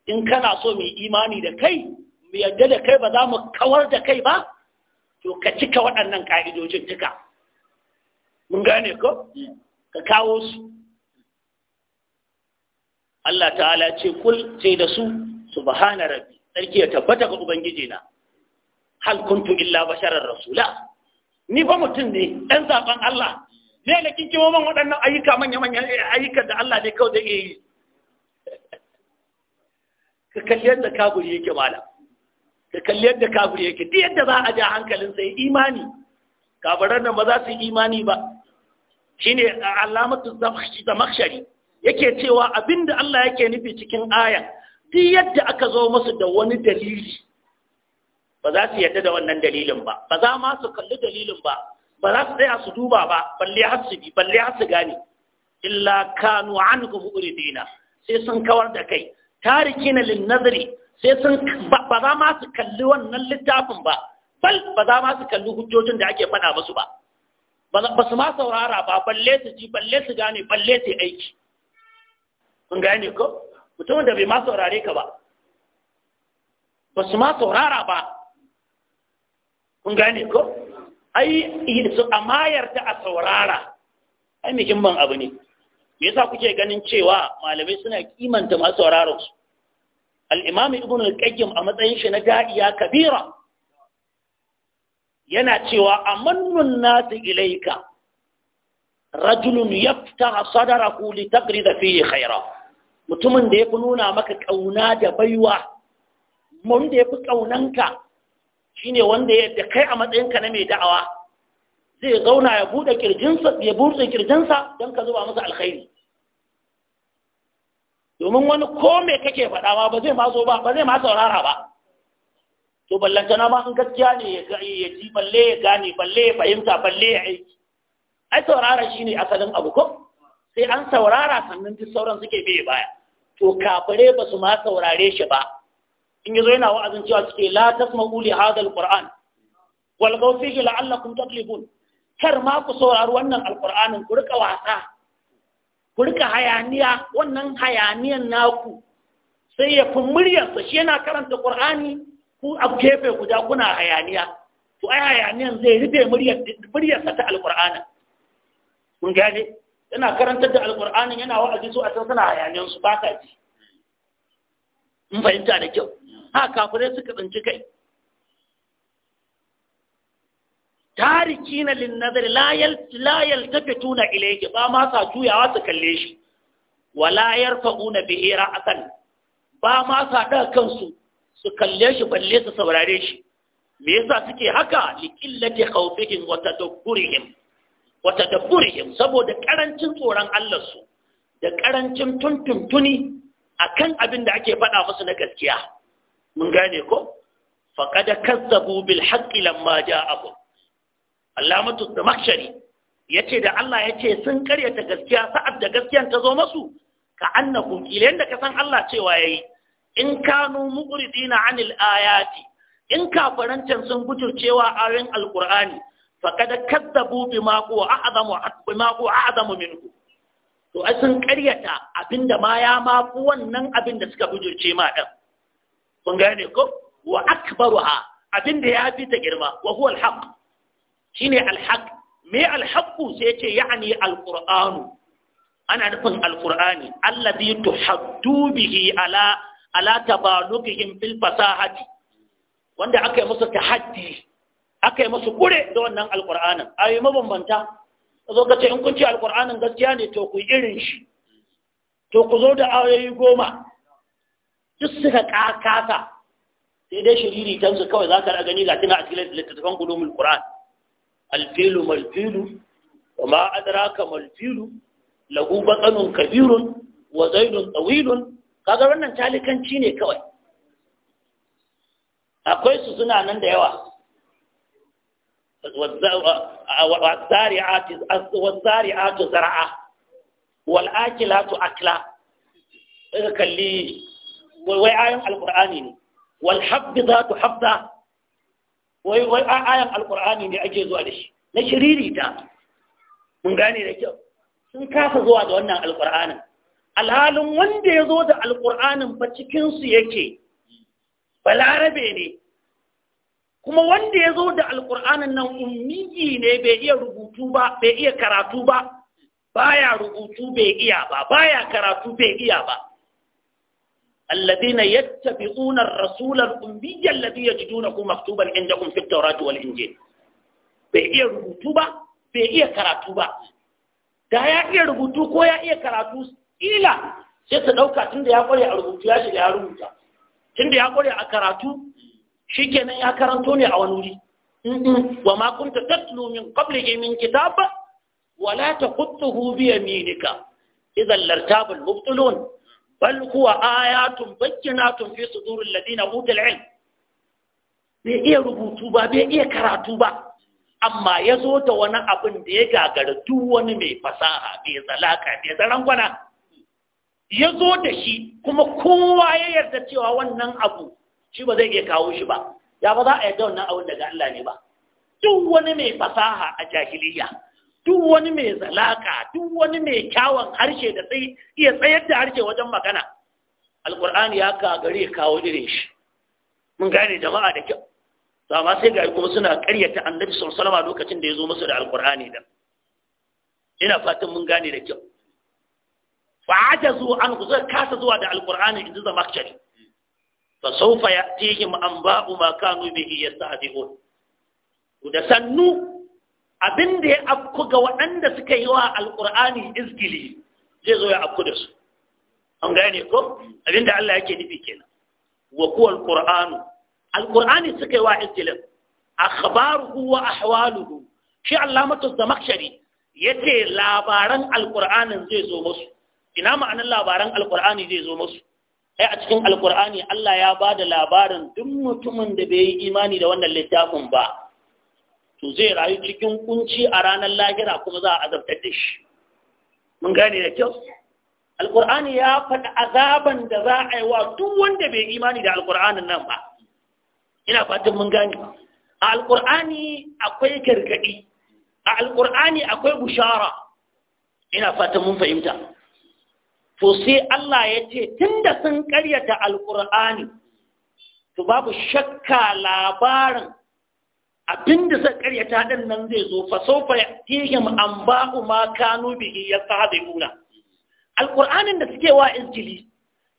in kana so mu imani da kai mu yadda da kai ba za mu kawar da kai ba to ka cika waɗannan ka'idojin duka mun gane ko ka kawo su Allah ta'ala ce kul ce da su subhana rabbi sarki ya tabbata ga ubangiji na hal kuntu illa basharar rasula ni ba mutum ne dan zaben Allah ne na kike mu man waɗannan ayyuka manya manya ayyukan da Allah ne kawai zai yi ka kalli yadda kafiri yake malam ka kalli yadda kafiri yake duk yadda za a ja hankalin sai imani kafiran nan ba za su imani ba shine alamatu zamakhshari yake cewa abinda Allah yake nufi cikin aya duk yadda aka zo musu da wani dalili ba za su yadda da wannan dalilin ba ba za ma su kalli dalilin ba ba za su tsaya su duba ba balle har su bi balle har su gane illa kanu anhu uridina sai sun kawar da kai tarikina lin nazari sai sun ba za ma su kalli wannan littafin ba bal ba za ma su kalli hujjojin da ake faɗa musu ba ba su ma saurara ba balle su ji balle su gane balle su aiki kun gane ko mutumin da bai ma saurare ka ba ba su ma saurara ba kun gane ko ai yi su amayar ta a saurara ai muhimman abu ne me yasa kuke ganin cewa malamai suna kimanta ma sauraron su al-imam ibn al-qayyim a matsayin shi na da'iya kabira yana cewa amannun nasu ilaika rajulun yafta sadarahu li fihi khaira mutumin da ya fi nuna maka ƙauna da baiwa wanda ya fi ƙaunanka shi ne wanda ya kai a matsayinka na mai da'awa zai zauna ya buɗe ƙirjinsa ya buɗe ƙirjinsa don ka zuba masa alkhairi domin wani ko me kake faɗa ma ba zai maso ba ba zai ma saurara ba to ballantana ma in gaskiya ne ya ji balle ya gane balle ya fahimta balle ya aiki ai saurara shi ne asalin abu ko sai an saurara sannan duk sauran suke biye baya to kafare ba su ma saurare shi ba in yazo yana wa'azin cewa suke la tasma'u li hadha alquran wal gawfihi la'allakum taqlibun kar ma ku saurari wannan alqur'anin ku rika wasa ku rika hayaniya wannan hayaniyan naku sai ya fi muryarsa shi yana karanta qur'ani ku a gefe guda kuna hayaniya to ai hayaniyan zai rufe muryarsa ta alqur'anin kun gane yana karantar da alƙur'anin yana wa'azi su a can suna hayaniyar su ba ka ji in fahimta da kyau ha kafirai suka tsinci kai tariki na linnazari ta fito na ilayki ba ma sa juyawa su kalle shi wala bihera a kan ba ma sa ɗan kansu su kalle shi balle su saurare shi me yasa suke haka liqillati khawfihim wa tadabburihim wata tadabburihim saboda karancin tsoron Allah su da karancin tuntuntuni akan abin da ake faɗa musu na gaskiya mun gane ko faqad kazzabu bil haƙƙi, lamma ja'akum Allamatu Zamakhshari yace da Allah yace sun karyata gaskiya sa'ad da gaskiyan ta zo masu ka annakum kila da ka san Allah cewa yayi in kanu muqridina anil ayati in kafarancan sun gujurcewa ayoyin alqur'ani faqad kadzabu bima huwa a'zamu bima huwa a'zamu minhu to ai sun ƙaryata abinda ma ya ma fi wannan abin da suka bujurce ma ɗan. kun gane ko wa akbaruha abinda ya fi ta girma wa huwa alhaq. haq shine alhaq? me alhaq haq sai ya ce ya'ni al-qur'anu ana nufin al-qur'ani alladhi tuhaddu bihi ala ala tabalukihim fil fasahati wanda aka yi musu tahaddi aka yi masu kure da wannan A yi mabambanta zo ka in kun ce gaskiya ne to ku irin shi to ku zo da ayoyi goma duk suka kakasa sai dai shiriri su kawai za ka gani ga tana a cikin littattafan ulumul qur'an alfilu malfilu wa ma adraka malfilu lahu baqanun kabirun wa zaidun tawilun kaga wannan talikanci ne kawai akwai su suna nan da yawa والزارعات زرعا والآكلات أكلا kalli wai ayan alkur'ani ne wal habdatu habda wai wai ayan alkur'ani ne ake zuwa da shi na shiririta mun gane da sun kasa zuwa da wannan alkur'anin alhalin wanda ya zo da alƙur'anin ba cikin su yake balarabe ne kuma wanda ya zo da alƙur'anin nan ummiyi ne bai iya rubutu ba bai iya karatu ba baya rubutu bai iya ba baya karatu bai iya ba alladhina yattabi'una ar-rasula al-ummiyya alladhi yajidunahu maktuban indakum fi at-taurati wal-injil bai iya rubutu ba bai iya karatu ba da ya iya rubutu ko ya iya karatu ila sai ta dauka tunda ya kware a rubutu ya shiga ya rubuta tunda ya kware a karatu shi kenan ya karanto ne a wani wuri wa ma kunta tatlu min qablihi min kitab wa la taqutuhu bi yaminika idan lartabul al bal huwa ayatun bakinatun fi suduril ladina utul ilm bai iya rubutu ba bai iya karatu ba amma ya zo da wani abin da ya gagara duk wani mai fasaha mai zalaka mai zarangwana ya zo da shi kuma kowa ya yarda cewa wannan abu shi ba zai iya kawo shi ba ya ba za a yi daunan abin daga Allah ne ba duk wani mai fasaha a jahiliya duk wani mai zalaka duk wani mai kyawun harshe da sai iya tsayar da harshe wajen magana alkur'ani ya ya kawo irin shi mun gane jama'a da kyau to amma sai ga kuma suna karyata annabi sallallahu alaihi lokacin da ya zo musu da alkur'ani da ina fatan mun gane da kyau fa ajazu an kasa zuwa da alkur'ani idan zama kacari fa sawfa ya'tihim anba'u ma kanu bihi yastahzi'un da sannu abin da ya afku ga waɗanda suka yi wa alƙur'ani izgili zai zo ya afku da su an gane ko abin da Allah yake nufi kenan wa kuwa alƙur'anu alƙur'ani suka yi wa izgilin akhbaruhu wa ahwaluhu shi allamatu zamakshari yace labaran alƙur'anin zai zo musu ina ma'anar labaran alƙur'ani zai zo musu ai a cikin alkur'ani Allah ya ba da labarin duk mutumin da bai yi imani da wannan littafin ba to zai rayu cikin kunci a ranar lahira kuma za a azabtar da shi mun gane da kyau alkur'ani ya faɗi azaban da za a yi wa duk wanda bai imani da alkur'anin nan ba ina fatan mun gane a alkur'ani akwai gargaɗi a alkur'ani akwai bushara ina fatan mun fahimta to sai Allah ya ce da sun karyata alkur'ani to babu shakka labarin abin da suka karyata din nan zai zo fa sawfa yatihim anba'u ma kanu bihi yastahzi'una alƙur'anin da suke wa injili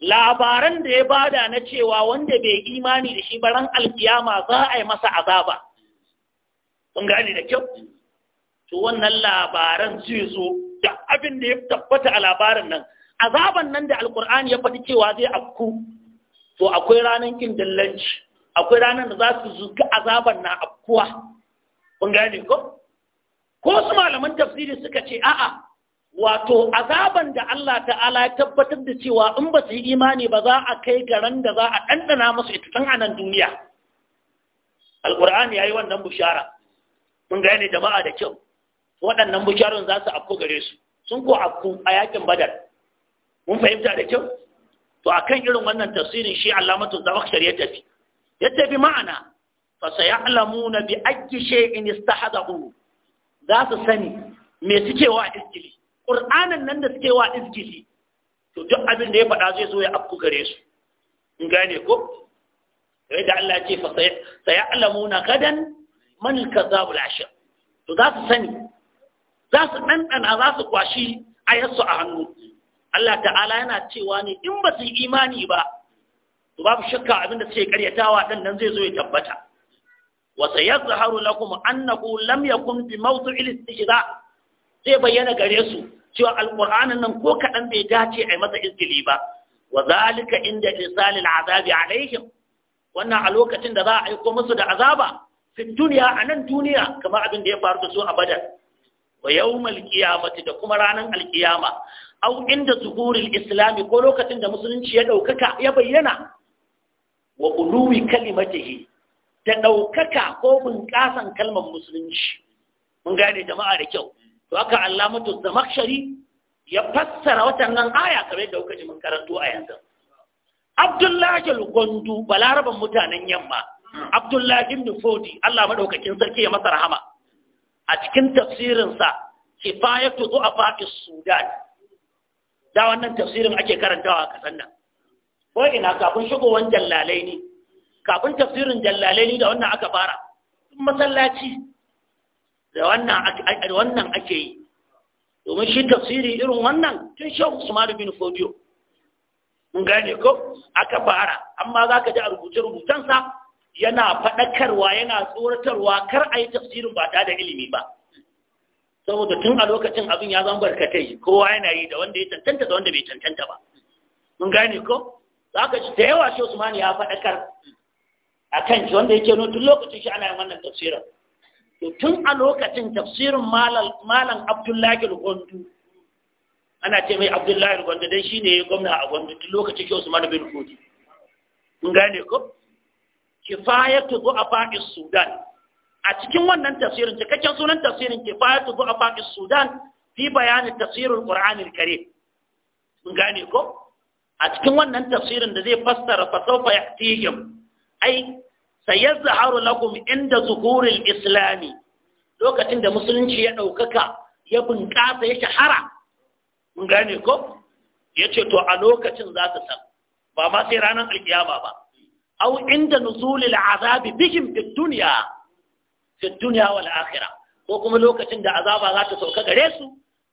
labaran da ya bada na cewa wanda bai imani da shi baran alkiyama za a yi masa azaba kun gane da kyau to wannan labaran zai zo da abin da ya tabbata a labarin nan azaban nan da alkur'ani ya faɗi cewa zai afku to akwai ranar kin dillanci akwai ranar da za su zuga azaban na afkuwa kun gane ko ko su malaman tafsiri suka ce a'a wato azaban da Allah ta'ala ya tabbatar da cewa in ba su yi imani ba za a kai garan da za a ɗanɗana musu ita tun a nan duniya alkur'ani ya yi wannan bushara mun gane jama'a da kyau waɗannan bisharun za su afku gare su sun ko afku a yakin badar mun fahimta da kyau to akan irin wannan tafsirin shi allamatu zawakhshari ya tafi ya tafi ma'ana fa saya'lamuna bi ayyi shay'in istahadahu za su sani me suke wa izgili qur'anan nan da suke wa izgili to duk abin da ya faɗa zai zo ya afku gare su in gane ko sai da Allah ya ce fa saya'lamuna gadan man al-kazabul ashir to za su sani za su ɗanɗana za su kwashi ayarsu a hannu Allah ta'ala yana cewa ne in ba su yi imani ba to babu shakka abin da suke karyatawa ɗan nan zai zo ya tabbata wa sayazharu lakum annahu lam yakun bi mawdu'il istihza zai bayyana gare su cewa alqur'anin nan ko kaɗan bai dace a masa izgili ba wa zalika inda isalil azabi alaihim wannan a lokacin da za a aiko musu da azaba fi duniya a nan duniya kamar abin da ya faru da su a badar wa yawmal da kuma ranar alkiyama. au inda zuhurul islami ko lokacin da musulunci ya ɗaukaka ya bayyana wa uluwi kalimatihi da ɗaukaka ko bunƙasan kalmar musulunci mun gane jama'a da kyau to haka allamatu zamakshari ya fassara watannan aya kamar yadda mun karanto a yanzu abdullahi al balaraban mutanen yamma abdullahi ibn Allah madaukakin sarki ya masa rahama a cikin tafsirinsa kifayatu du'afa sudan da wannan tafsirin ake karantawa a kasan nan ko ina kafin shigowar jallalai ne kafin tafsirin jallalai ne da wannan aka fara masallaci da wannan ake yi domin shi tafsiri irin wannan tun shan usman bin fodiyo mun gane ko aka fara amma za ka ji a rubuce rubutansa yana faɗakarwa yana tsoratarwa kar a yi tafsirin ba da ilimi ba saboda tun a lokacin abin ya zama barkatai kowa yana yi da wanda ya cancanta da wanda bai cancanta ba mun gane ko za ka ci da yawa shi usmani ya faɗakar a kan shi wanda yake nuna tun lokacin shi ana yin wannan tafsirin to tun a lokacin tafsirin malam abdullahi gondu ana ce mai abdullahi gondu dan shi ne gwamna a gondu tun lokacin shi usmani bin hudi mun gane ko kifayatu du'afa sudan a cikin wannan tafsirin cikakken sunan tafsirin kifayatu du'afa sudan fi bayanin tafsirul qur'anil karim mun gane ko a cikin wannan tafsirin da zai fassara fa sawfa yatihim ai sayazharu lakum inda zuhuril islami lokacin da musulunci ya daukaka ya bunƙasa ya shahara mun gane ko Ya ce to a lokacin za su san ba ma sai ranar alkiyama ba au inda nuzulil azabi bihim fid dunya fi duniya wal akhirah ko kuma lokacin da azaba za ta sauka gare su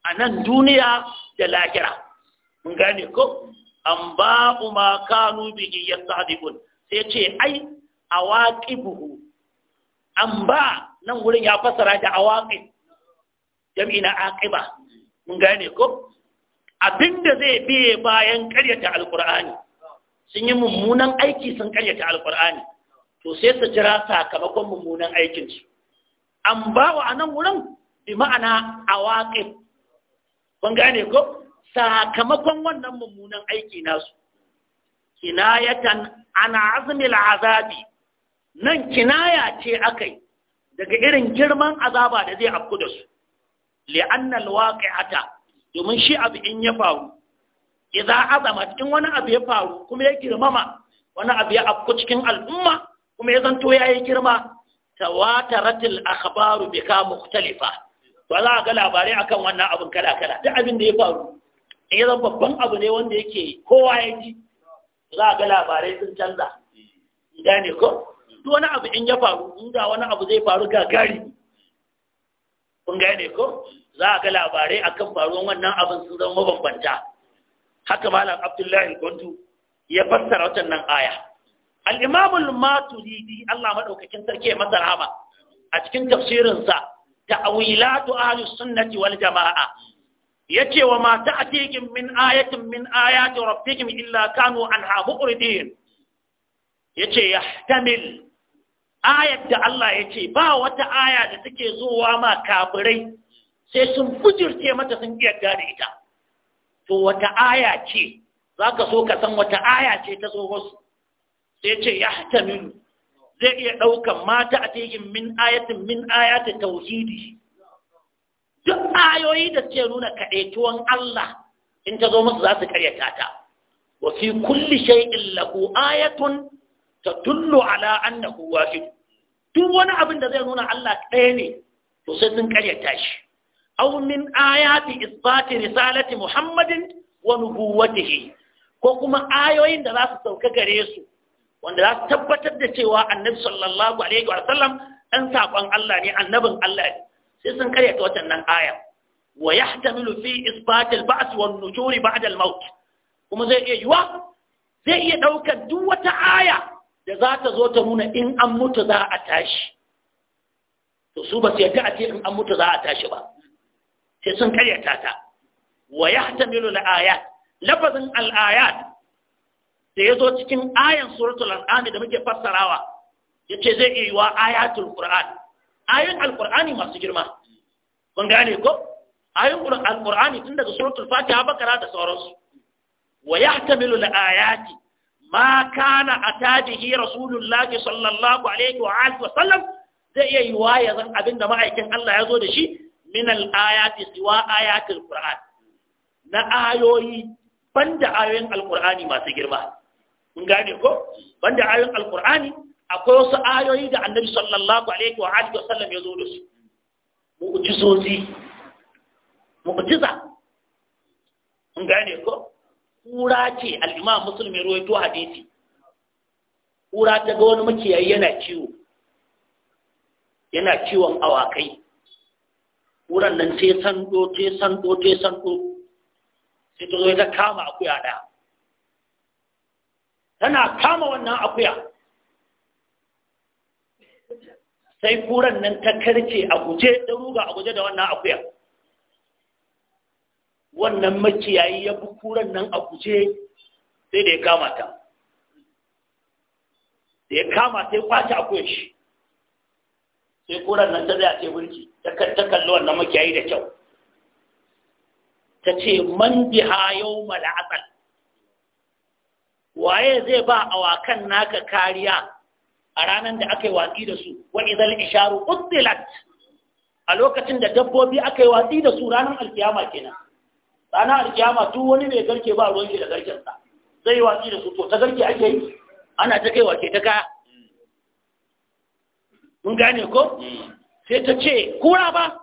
a nan duniya da la'akira. mun gane ko an ba ma kanu bihi yastahdiqun sai ce ai awaqibuhu an ba nan wurin ya fasara da awaqib jam'i na aqiba mun gane ko abinda zai biye bayan karyata alqur'ani sun yi mummunan aiki sun karyata alqur'ani to sai su jira sakamakon mummunan aikinsu an bawa a nan wurin bi ma'ana a waƙe kun gane ko sakamakon wannan mummunan aiki nasu kinayatan ana azumin azabi nan kinaya ce akai daga irin girman azaba da zai afku da su waƙe ata, domin shi abu in ya faru iza azama in wani abu ya faru kuma ya girmama wani abu ya afku cikin al'umma kuma ya zanto ya yi girma al-akhbar bika mukhtalifa to za ga labarai akan wannan abin kala kala duk abin da ya faru in ya babban abu ne wanda yake kowa ya ji za ga labarai sun canza gane ko duk wani abu in ya faru in ga wani abu zai faru gagari kun gane ko za ga labarai akan faruwan wannan abin sun zama mabambanta haka malam abdullahi gondu ya fassara wannan aya al maturidi Allah maɗaukakin sarki masa rahama a cikin tafsirinsa awilatu ahli sunnati wal jama'a yace wa ma cikin min ayatin min ayati rabbikum illa kanu anha muqridin yace yahtamil ayat da Allah yace ba wata aya da take zuwa ma kafirai sai sun fujirce mata sun iya da ita to wata aya ce zaka so ka san wata aya ce ta zo wasu sai ce ya hatamilu zai iya ɗaukan mata a cikin min ayatin min ayatin tauhidi duk ayoyi da suke nuna kaɗaituwan Allah in ta zo musu za su karyata ta wa fi kulli shay'in lahu ayatun tadullu ala annahu wahid duk wani abin da zai nuna Allah ɗaya ne to sai sun karyata shi aw min ayati isbati risalati muhammadin wa nubuwwatihi ko kuma ayoyin da za su sauka gare su wanda za su tabbatar da cewa annabi sallallahu alaihi wa sallam dan sakon Allah ne annabin Allah ne sai sun karyata wata nan aya wa yahtamilu fi isbat al-ba's wan nujur ba'da al-maut kuma zai iya yiwa zai iya daukar duk wata aya da za ta zo ta nuna in an mutu za a tashi to su ba su yarda a ce in an mutu za a tashi ba sai sun karyata ta wa yahtamilu al-ayat lafazin al-ayat da ya zo cikin ayan suratul al'an da muke fassarawa ya ce zai iya yiwa ayatul qur'an ayoyin alqur'ani masu girma kun gane ko ayoyin alqur'ani tun daga suratul fatiha bakara da sauransu wa yahtamilu da ayati ma kana atajihi rasulullahi sallallahu alaihi wa alihi wa sallam zai iya yiwa ya zan abinda ma'aikin Allah ya zo da shi min al-ayati siwa ayatul qur'an na ayoyi ban da ayoyin alqur'ani masu girma mun gane ko banda ayoyin alqur'ani akwai wasu ayoyi da annabi sallallahu alaihi wa alihi wa sallam ya zo da su mu'jizozi mu'jiza mun gane ko kura ce al-imam muslim ya rawaito hadisi kura ta ga wani makiyayi yana ciwo yana ciwon awakai kuran nan sai sando sai sando sai sando sai ta zo ta kama akuya da tana kama wannan akuya sai furan nan ta karce a guje ta ruga a guje da wannan akuya wannan makiyayi ya bi furan nan a guje sai da ya kama ta da ya kama sai kwace akuyar shi sai furan nan ta zai a ce burki ta kalli wannan makiyayi da kyau ta ce man biha yau mala'akal waye zai ba awakan naka kariya a ranar da aka yi watsi da su wa idan isharu uddilat a lokacin da dabbobi aka yi watsi da su ranar alkiyama kenan ranar alkiyama tun wani mai garke ba ruwan shi da garkensa zai yi watsi da su to ta garke ake yi ana ta kai wace ta kaya mun gane ko sai ta ce kura ba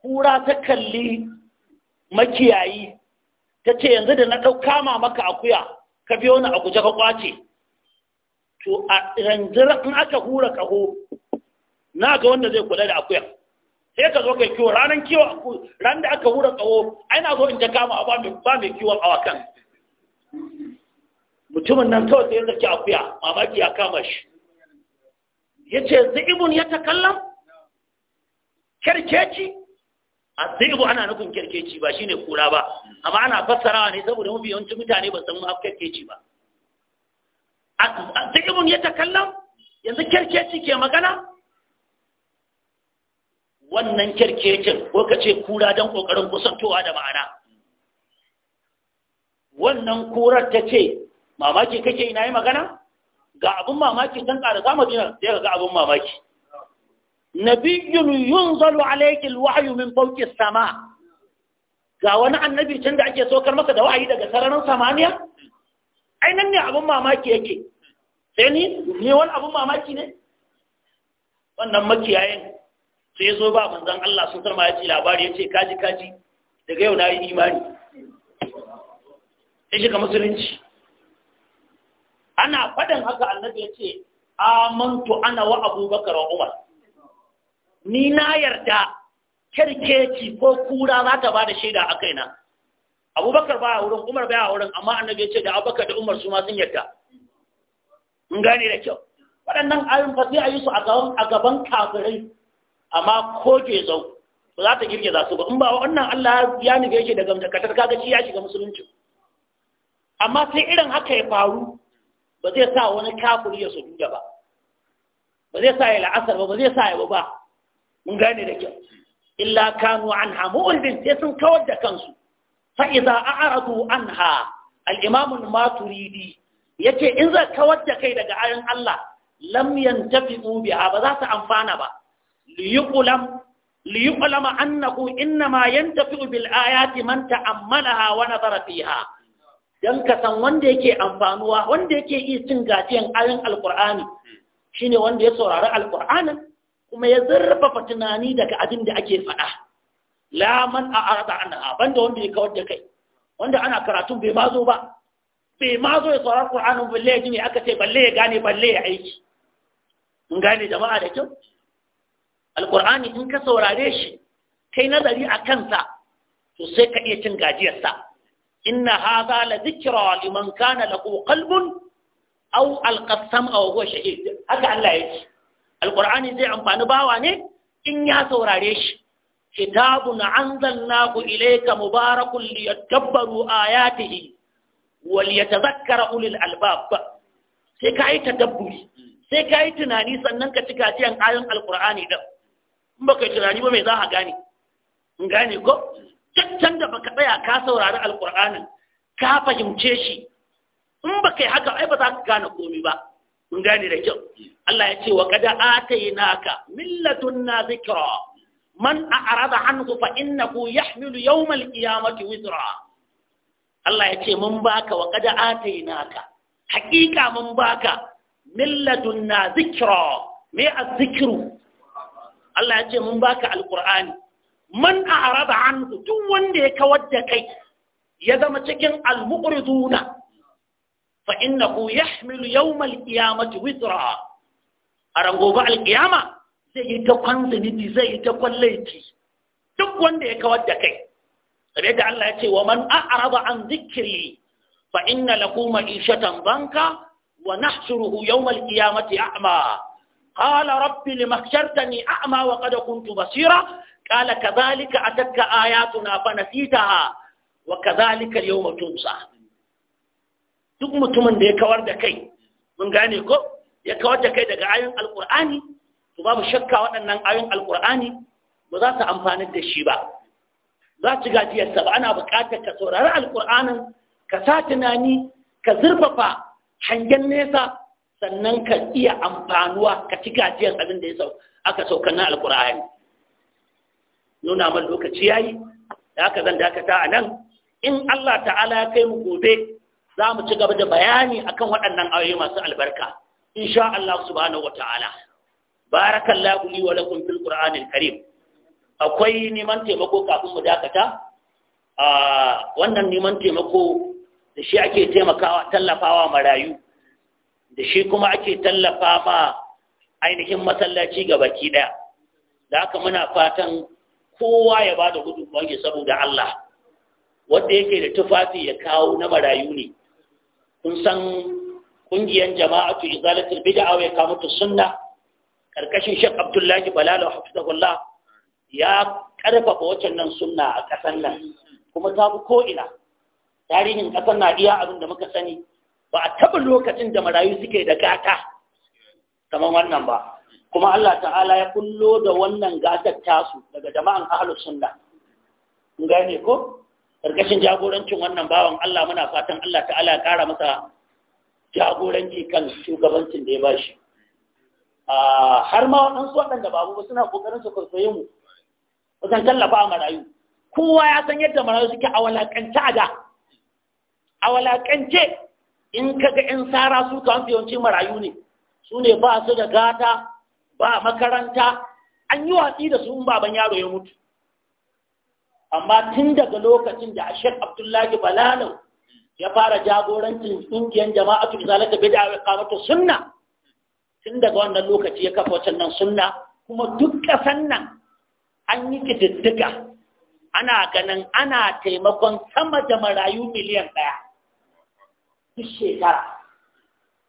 kura ta kalli makiyayi ta ce yanzu da na ɗauka maka akuya ka biyo ni a guje ka kwace to a yanzu in aka hura kaho na ga wanda zai kula da akuya sai ka zo kai kiwo ranar kiwo ran da aka hura kaho ai na zo in ta kama ba mai ba mai kiwon awakan mutumin nan kawai sai ya zaki akuya mamaki ya kama shi yace ibun ya takallam kerkeci azzibu ana nufin kirkeci ba shine kura ba amma ana fassarawa ne saboda mafi yawancin mutane ba san ma kirkeci ba azibun ya ta kallon yanzu kirkeci ke magana wannan kirkecin ko ka ce kura don kokarin kusantowa da ma'ana wannan kurar ta ce mamaki kake ina yi magana ga abin mamaki don ƙara zama dinar sai ga abin mamaki nabiyyun yunzalu alayhi alwahyu min fawqi sama ga wani annabi can da ake saukar masa da wa'ayi daga sararin samaniya ai nan ne abin mamaki yake sai ni ne wani abin mamaki ne wannan makiyayin sai zo ba manzon Allah sun sarma ya labari ya ce kaji kaji daga yau na yi imani sai shiga musulunci ana faɗin haka annabi ya ce amantu ana wa abubakar wa umar ni na yarda kerkeci ko kura za ta ba da shaida a kaina abubakar ba a wurin umar ba a wurin amma annabi ya ce da abubakar da umar su ma sun yarda in gane da kyau waɗannan ayin fa sai a yi su a gaban kafirai amma ko ke zau ba za ta girgiza su ba in ba wannan Allah ya nufe yake daga katar kaga shi ya shiga musulunci amma sai irin haka ya faru ba zai sa wani kafiri ya su duda ba ba zai sa ya la'asar ba ba zai sa ya ba mun gane da kyau illa kanu anha mu'ridin sai sun kawar da kansu fa idza a'radu anha al-imam al-maturidi yace in za kawar da kai daga ayin Allah lam yantafi'u biha ba za su amfana ba liyuqlam liyuqlama annahu innama yantafi'u bil ayati man ta'ammalaha wa nazara fiha dan ka san wanda yake amfanuwa wanda yake iya cin gajiyan ayin alqur'ani shine wanda ya saurari alqur'anin kuma ya zarrafa tunani daga abin da ake faɗa laman a arda anha da wanda ya kawar da kai wanda ana karatun bai mazo ba bai mazo ya saurari qur'anin balle ya jini aka ce balle ya gane balle ya aiki in gane jama'a da kyau alqur'ani in ka saurare shi kai nazari a kansa to sai ka iya cin gajiyarsa inna hadha la dhikra liman kana lahu qalbun aw alqa sam'a wa huwa shahid haka Allah yake alqur'ani zai amfani bawa ne in ya saurare shi kitabun anzalnahu ilayka mubarakun liyadabbaru ayatihi wal yatadhakkara ulul albab sai ka yi tadabburi sai ka yi tunani sannan ka ci gajiyan ayoyin alqur'ani da. in baka tunani ba me za ka gane in gane ko can da baka tsaya ka saurari alqur'anin ka fahimce shi in baka yi haka ai ba za ka gane komai ba kun gane da kyau Allah ya ce wa qad atainaka millatuna zikra man a a'rada hannu fa innahu yahmilu yawmal qiyamati wizra Allah ya ce mun baka wa qad atainaka Hakika mun baka milladunna zikra me zikiru? Allah ya ce mun baka alqur'ani man a a'rada hannu. duk wanda ya kawar da kai ya zama cikin almuqriduna فإنه يحمل يوم القيامة وزرا أرغو بعد القيامة زي تقوان زنيتي زي تقوان ليتي تقوان دي كوادكي ريد الله يتي ومن أعرض عن ذكري فإن له معيشة ضنكا ونحشره يوم القيامة أعمى قال ربي لما حشرتني أعمى وقد كنت بصيرا قال كذلك أتتك آياتنا فنسيتها وكذلك اليوم تنسى duk mutumin da ya kawar da kai mun gane ko ya kawar da kai daga ayoyin alkur'ani to babu shakka waɗannan ayoyin alkur'ani ba za su amfani da shi ba za su gajiyarsa ba ana buƙatar ka saurari alkur'anin ka sa tunani ka zurfafa hangen nesa sannan ka iya amfanuwa ka ci gajiyar abin da ya sau aka saukan na alkur'ani nuna man lokaci ya yi, da aka zan dakata a nan in Allah ta'ala ya kai mu gobe za mu ci gaba da bayani akan waɗannan ayoyi masu albarka insha Allah subhanahu ta'ala barakallahu li wa lakum fil qur'anil karim akwai neman taimako kafin mu dakata a wannan neman taimako da shi ake taimakawa tallafawa marayu da shi kuma ake tallafa ma ainihin masallaci ga baki daya da haka muna fatan kowa ya bada gudunmawa saboda Allah wanda yake da tufafi ya kawo na marayu ne kun san ƙungiyar jama'atu izalatul bid'a wa kamatu sunna karkashin Sheikh Abdullahi Balala hafizahullah ya karfafa wacannan sunna a kasan nan kuma ta ku ko ina tarihin ƙasar na iya abin da muka sani ba a taɓa lokacin da marayu suke da gata kamar wannan ba kuma Allah ta'ala ya kullo da wannan gatar tasu daga jama'an ahlus sunna gane ko karkashin jagorancin wannan bawan Allah muna fatan Allah ta'ala ya ƙara masa jagoranci kan shugabancin da ya ba shi." har ma waɗansu waɗanda babu ba suna ƙoƙarin su kwaikwaye mu wajen tallafa a marayu kowa ya san yadda marayu suke a walaƙance a da a walaƙance in ka ga in sara su kan yawanci marayu ne su ne ba su da gata ba makaranta an yi watsi da su in baban yaro ya mutu amma tun daga lokacin da Sheikh Abdullahi Balalau ya fara jagorancin kungiyar jama'atu misalata bid'a da qamatu sunna tun daga wannan lokaci ya kafa wancan sunna kuma duk kasan nan an yi kididdiga ana ganin ana taimakon sama da marayu miliyan ɗaya duk shekara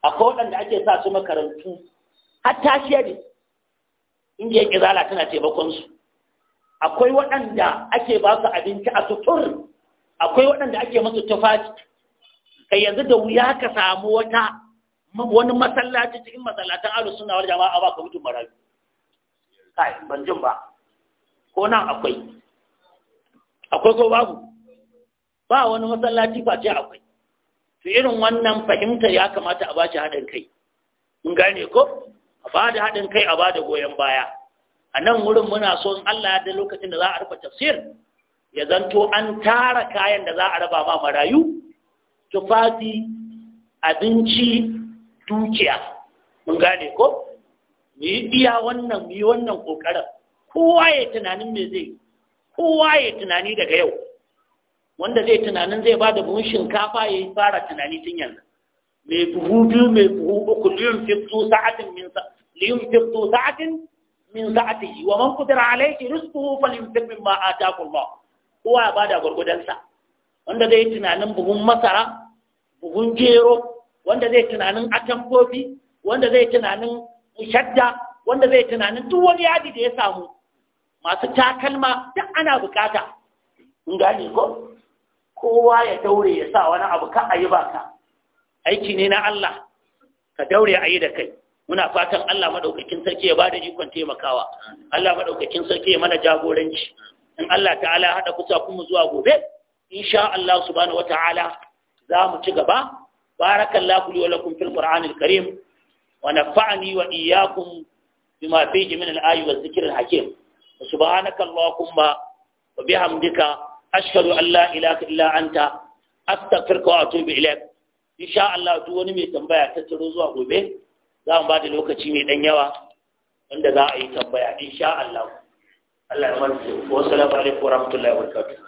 akwai waɗanda ake sa su makarantu har tashi Ƙungiyar inda ƙizala tana taimakon su akwai waɗanda ake ba su abinci a tutur akwai waɗanda ake masu tufafi kai yanzu da wuya ka samu wata wani masallaci cikin masallatan alu suna wani jama'a ba ka mutum marayu kai ban jin ba ko nan akwai akwai ko babu ba wani masallaci face akwai to irin wannan fahimtar ya kamata a ba shi haɗin kai in gane ko a ba da haɗin kai a ba da goyon baya a nan wurin muna so in Allah ya da lokacin da za a rufe tafsir ya zanto an tara kayan da za a raba ma marayu tufafi abinci dukiya mun gane ko mu yi iya wannan mu yi wannan kokarin kowa ya tunanin me zai kowa ya tunani daga yau wanda zai tunanin zai ba da buhun shinkafa ya yi fara tunani tun yanzu mai buhu biyu mai buhu uku liyun fito sa'atin min liyun fito sa'atin min sa'atihi wa man qadara alayhi rizquhu falyumsik mimma ataahu Allah kowa ya bada gurgudan sa wanda zai tunanin buhun masara buhun gero wanda zai tunanin atamfofi wanda zai tunanin shadda wanda zai tunanin duk wani yadi da ya samu masu takalma duk ana bukata in gane ko kowa ya daure ya sa wani abu ka a baka aiki ne na Allah ka daure a yi da kai muna fatan Allah madaukakin sarki ya bada ikon taimakawa Allah madaukakin sarki ya mana jagoranci in Allah ta'ala hada kusa kuma zuwa gobe insha Allah subhanahu wata'ala za mu ci gaba barakallahu li wa lakum fil qur'anil karim wa nafa'ani wa iyyakum bima fihi min al-ayati wa dhikril hakim subhanaka allahumma wa bihamdika ashhadu an la ilaha illa anta astaghfiruka wa atubu ilaik insha Allah duk wani mai tambaya ta tsaro zuwa gobe za mu ba da lokaci mai ɗan yawa wanda za a yi tambaya insha Allah Allah ya manzu wa salamu alaikum wa rahmatullahi wa barakatuh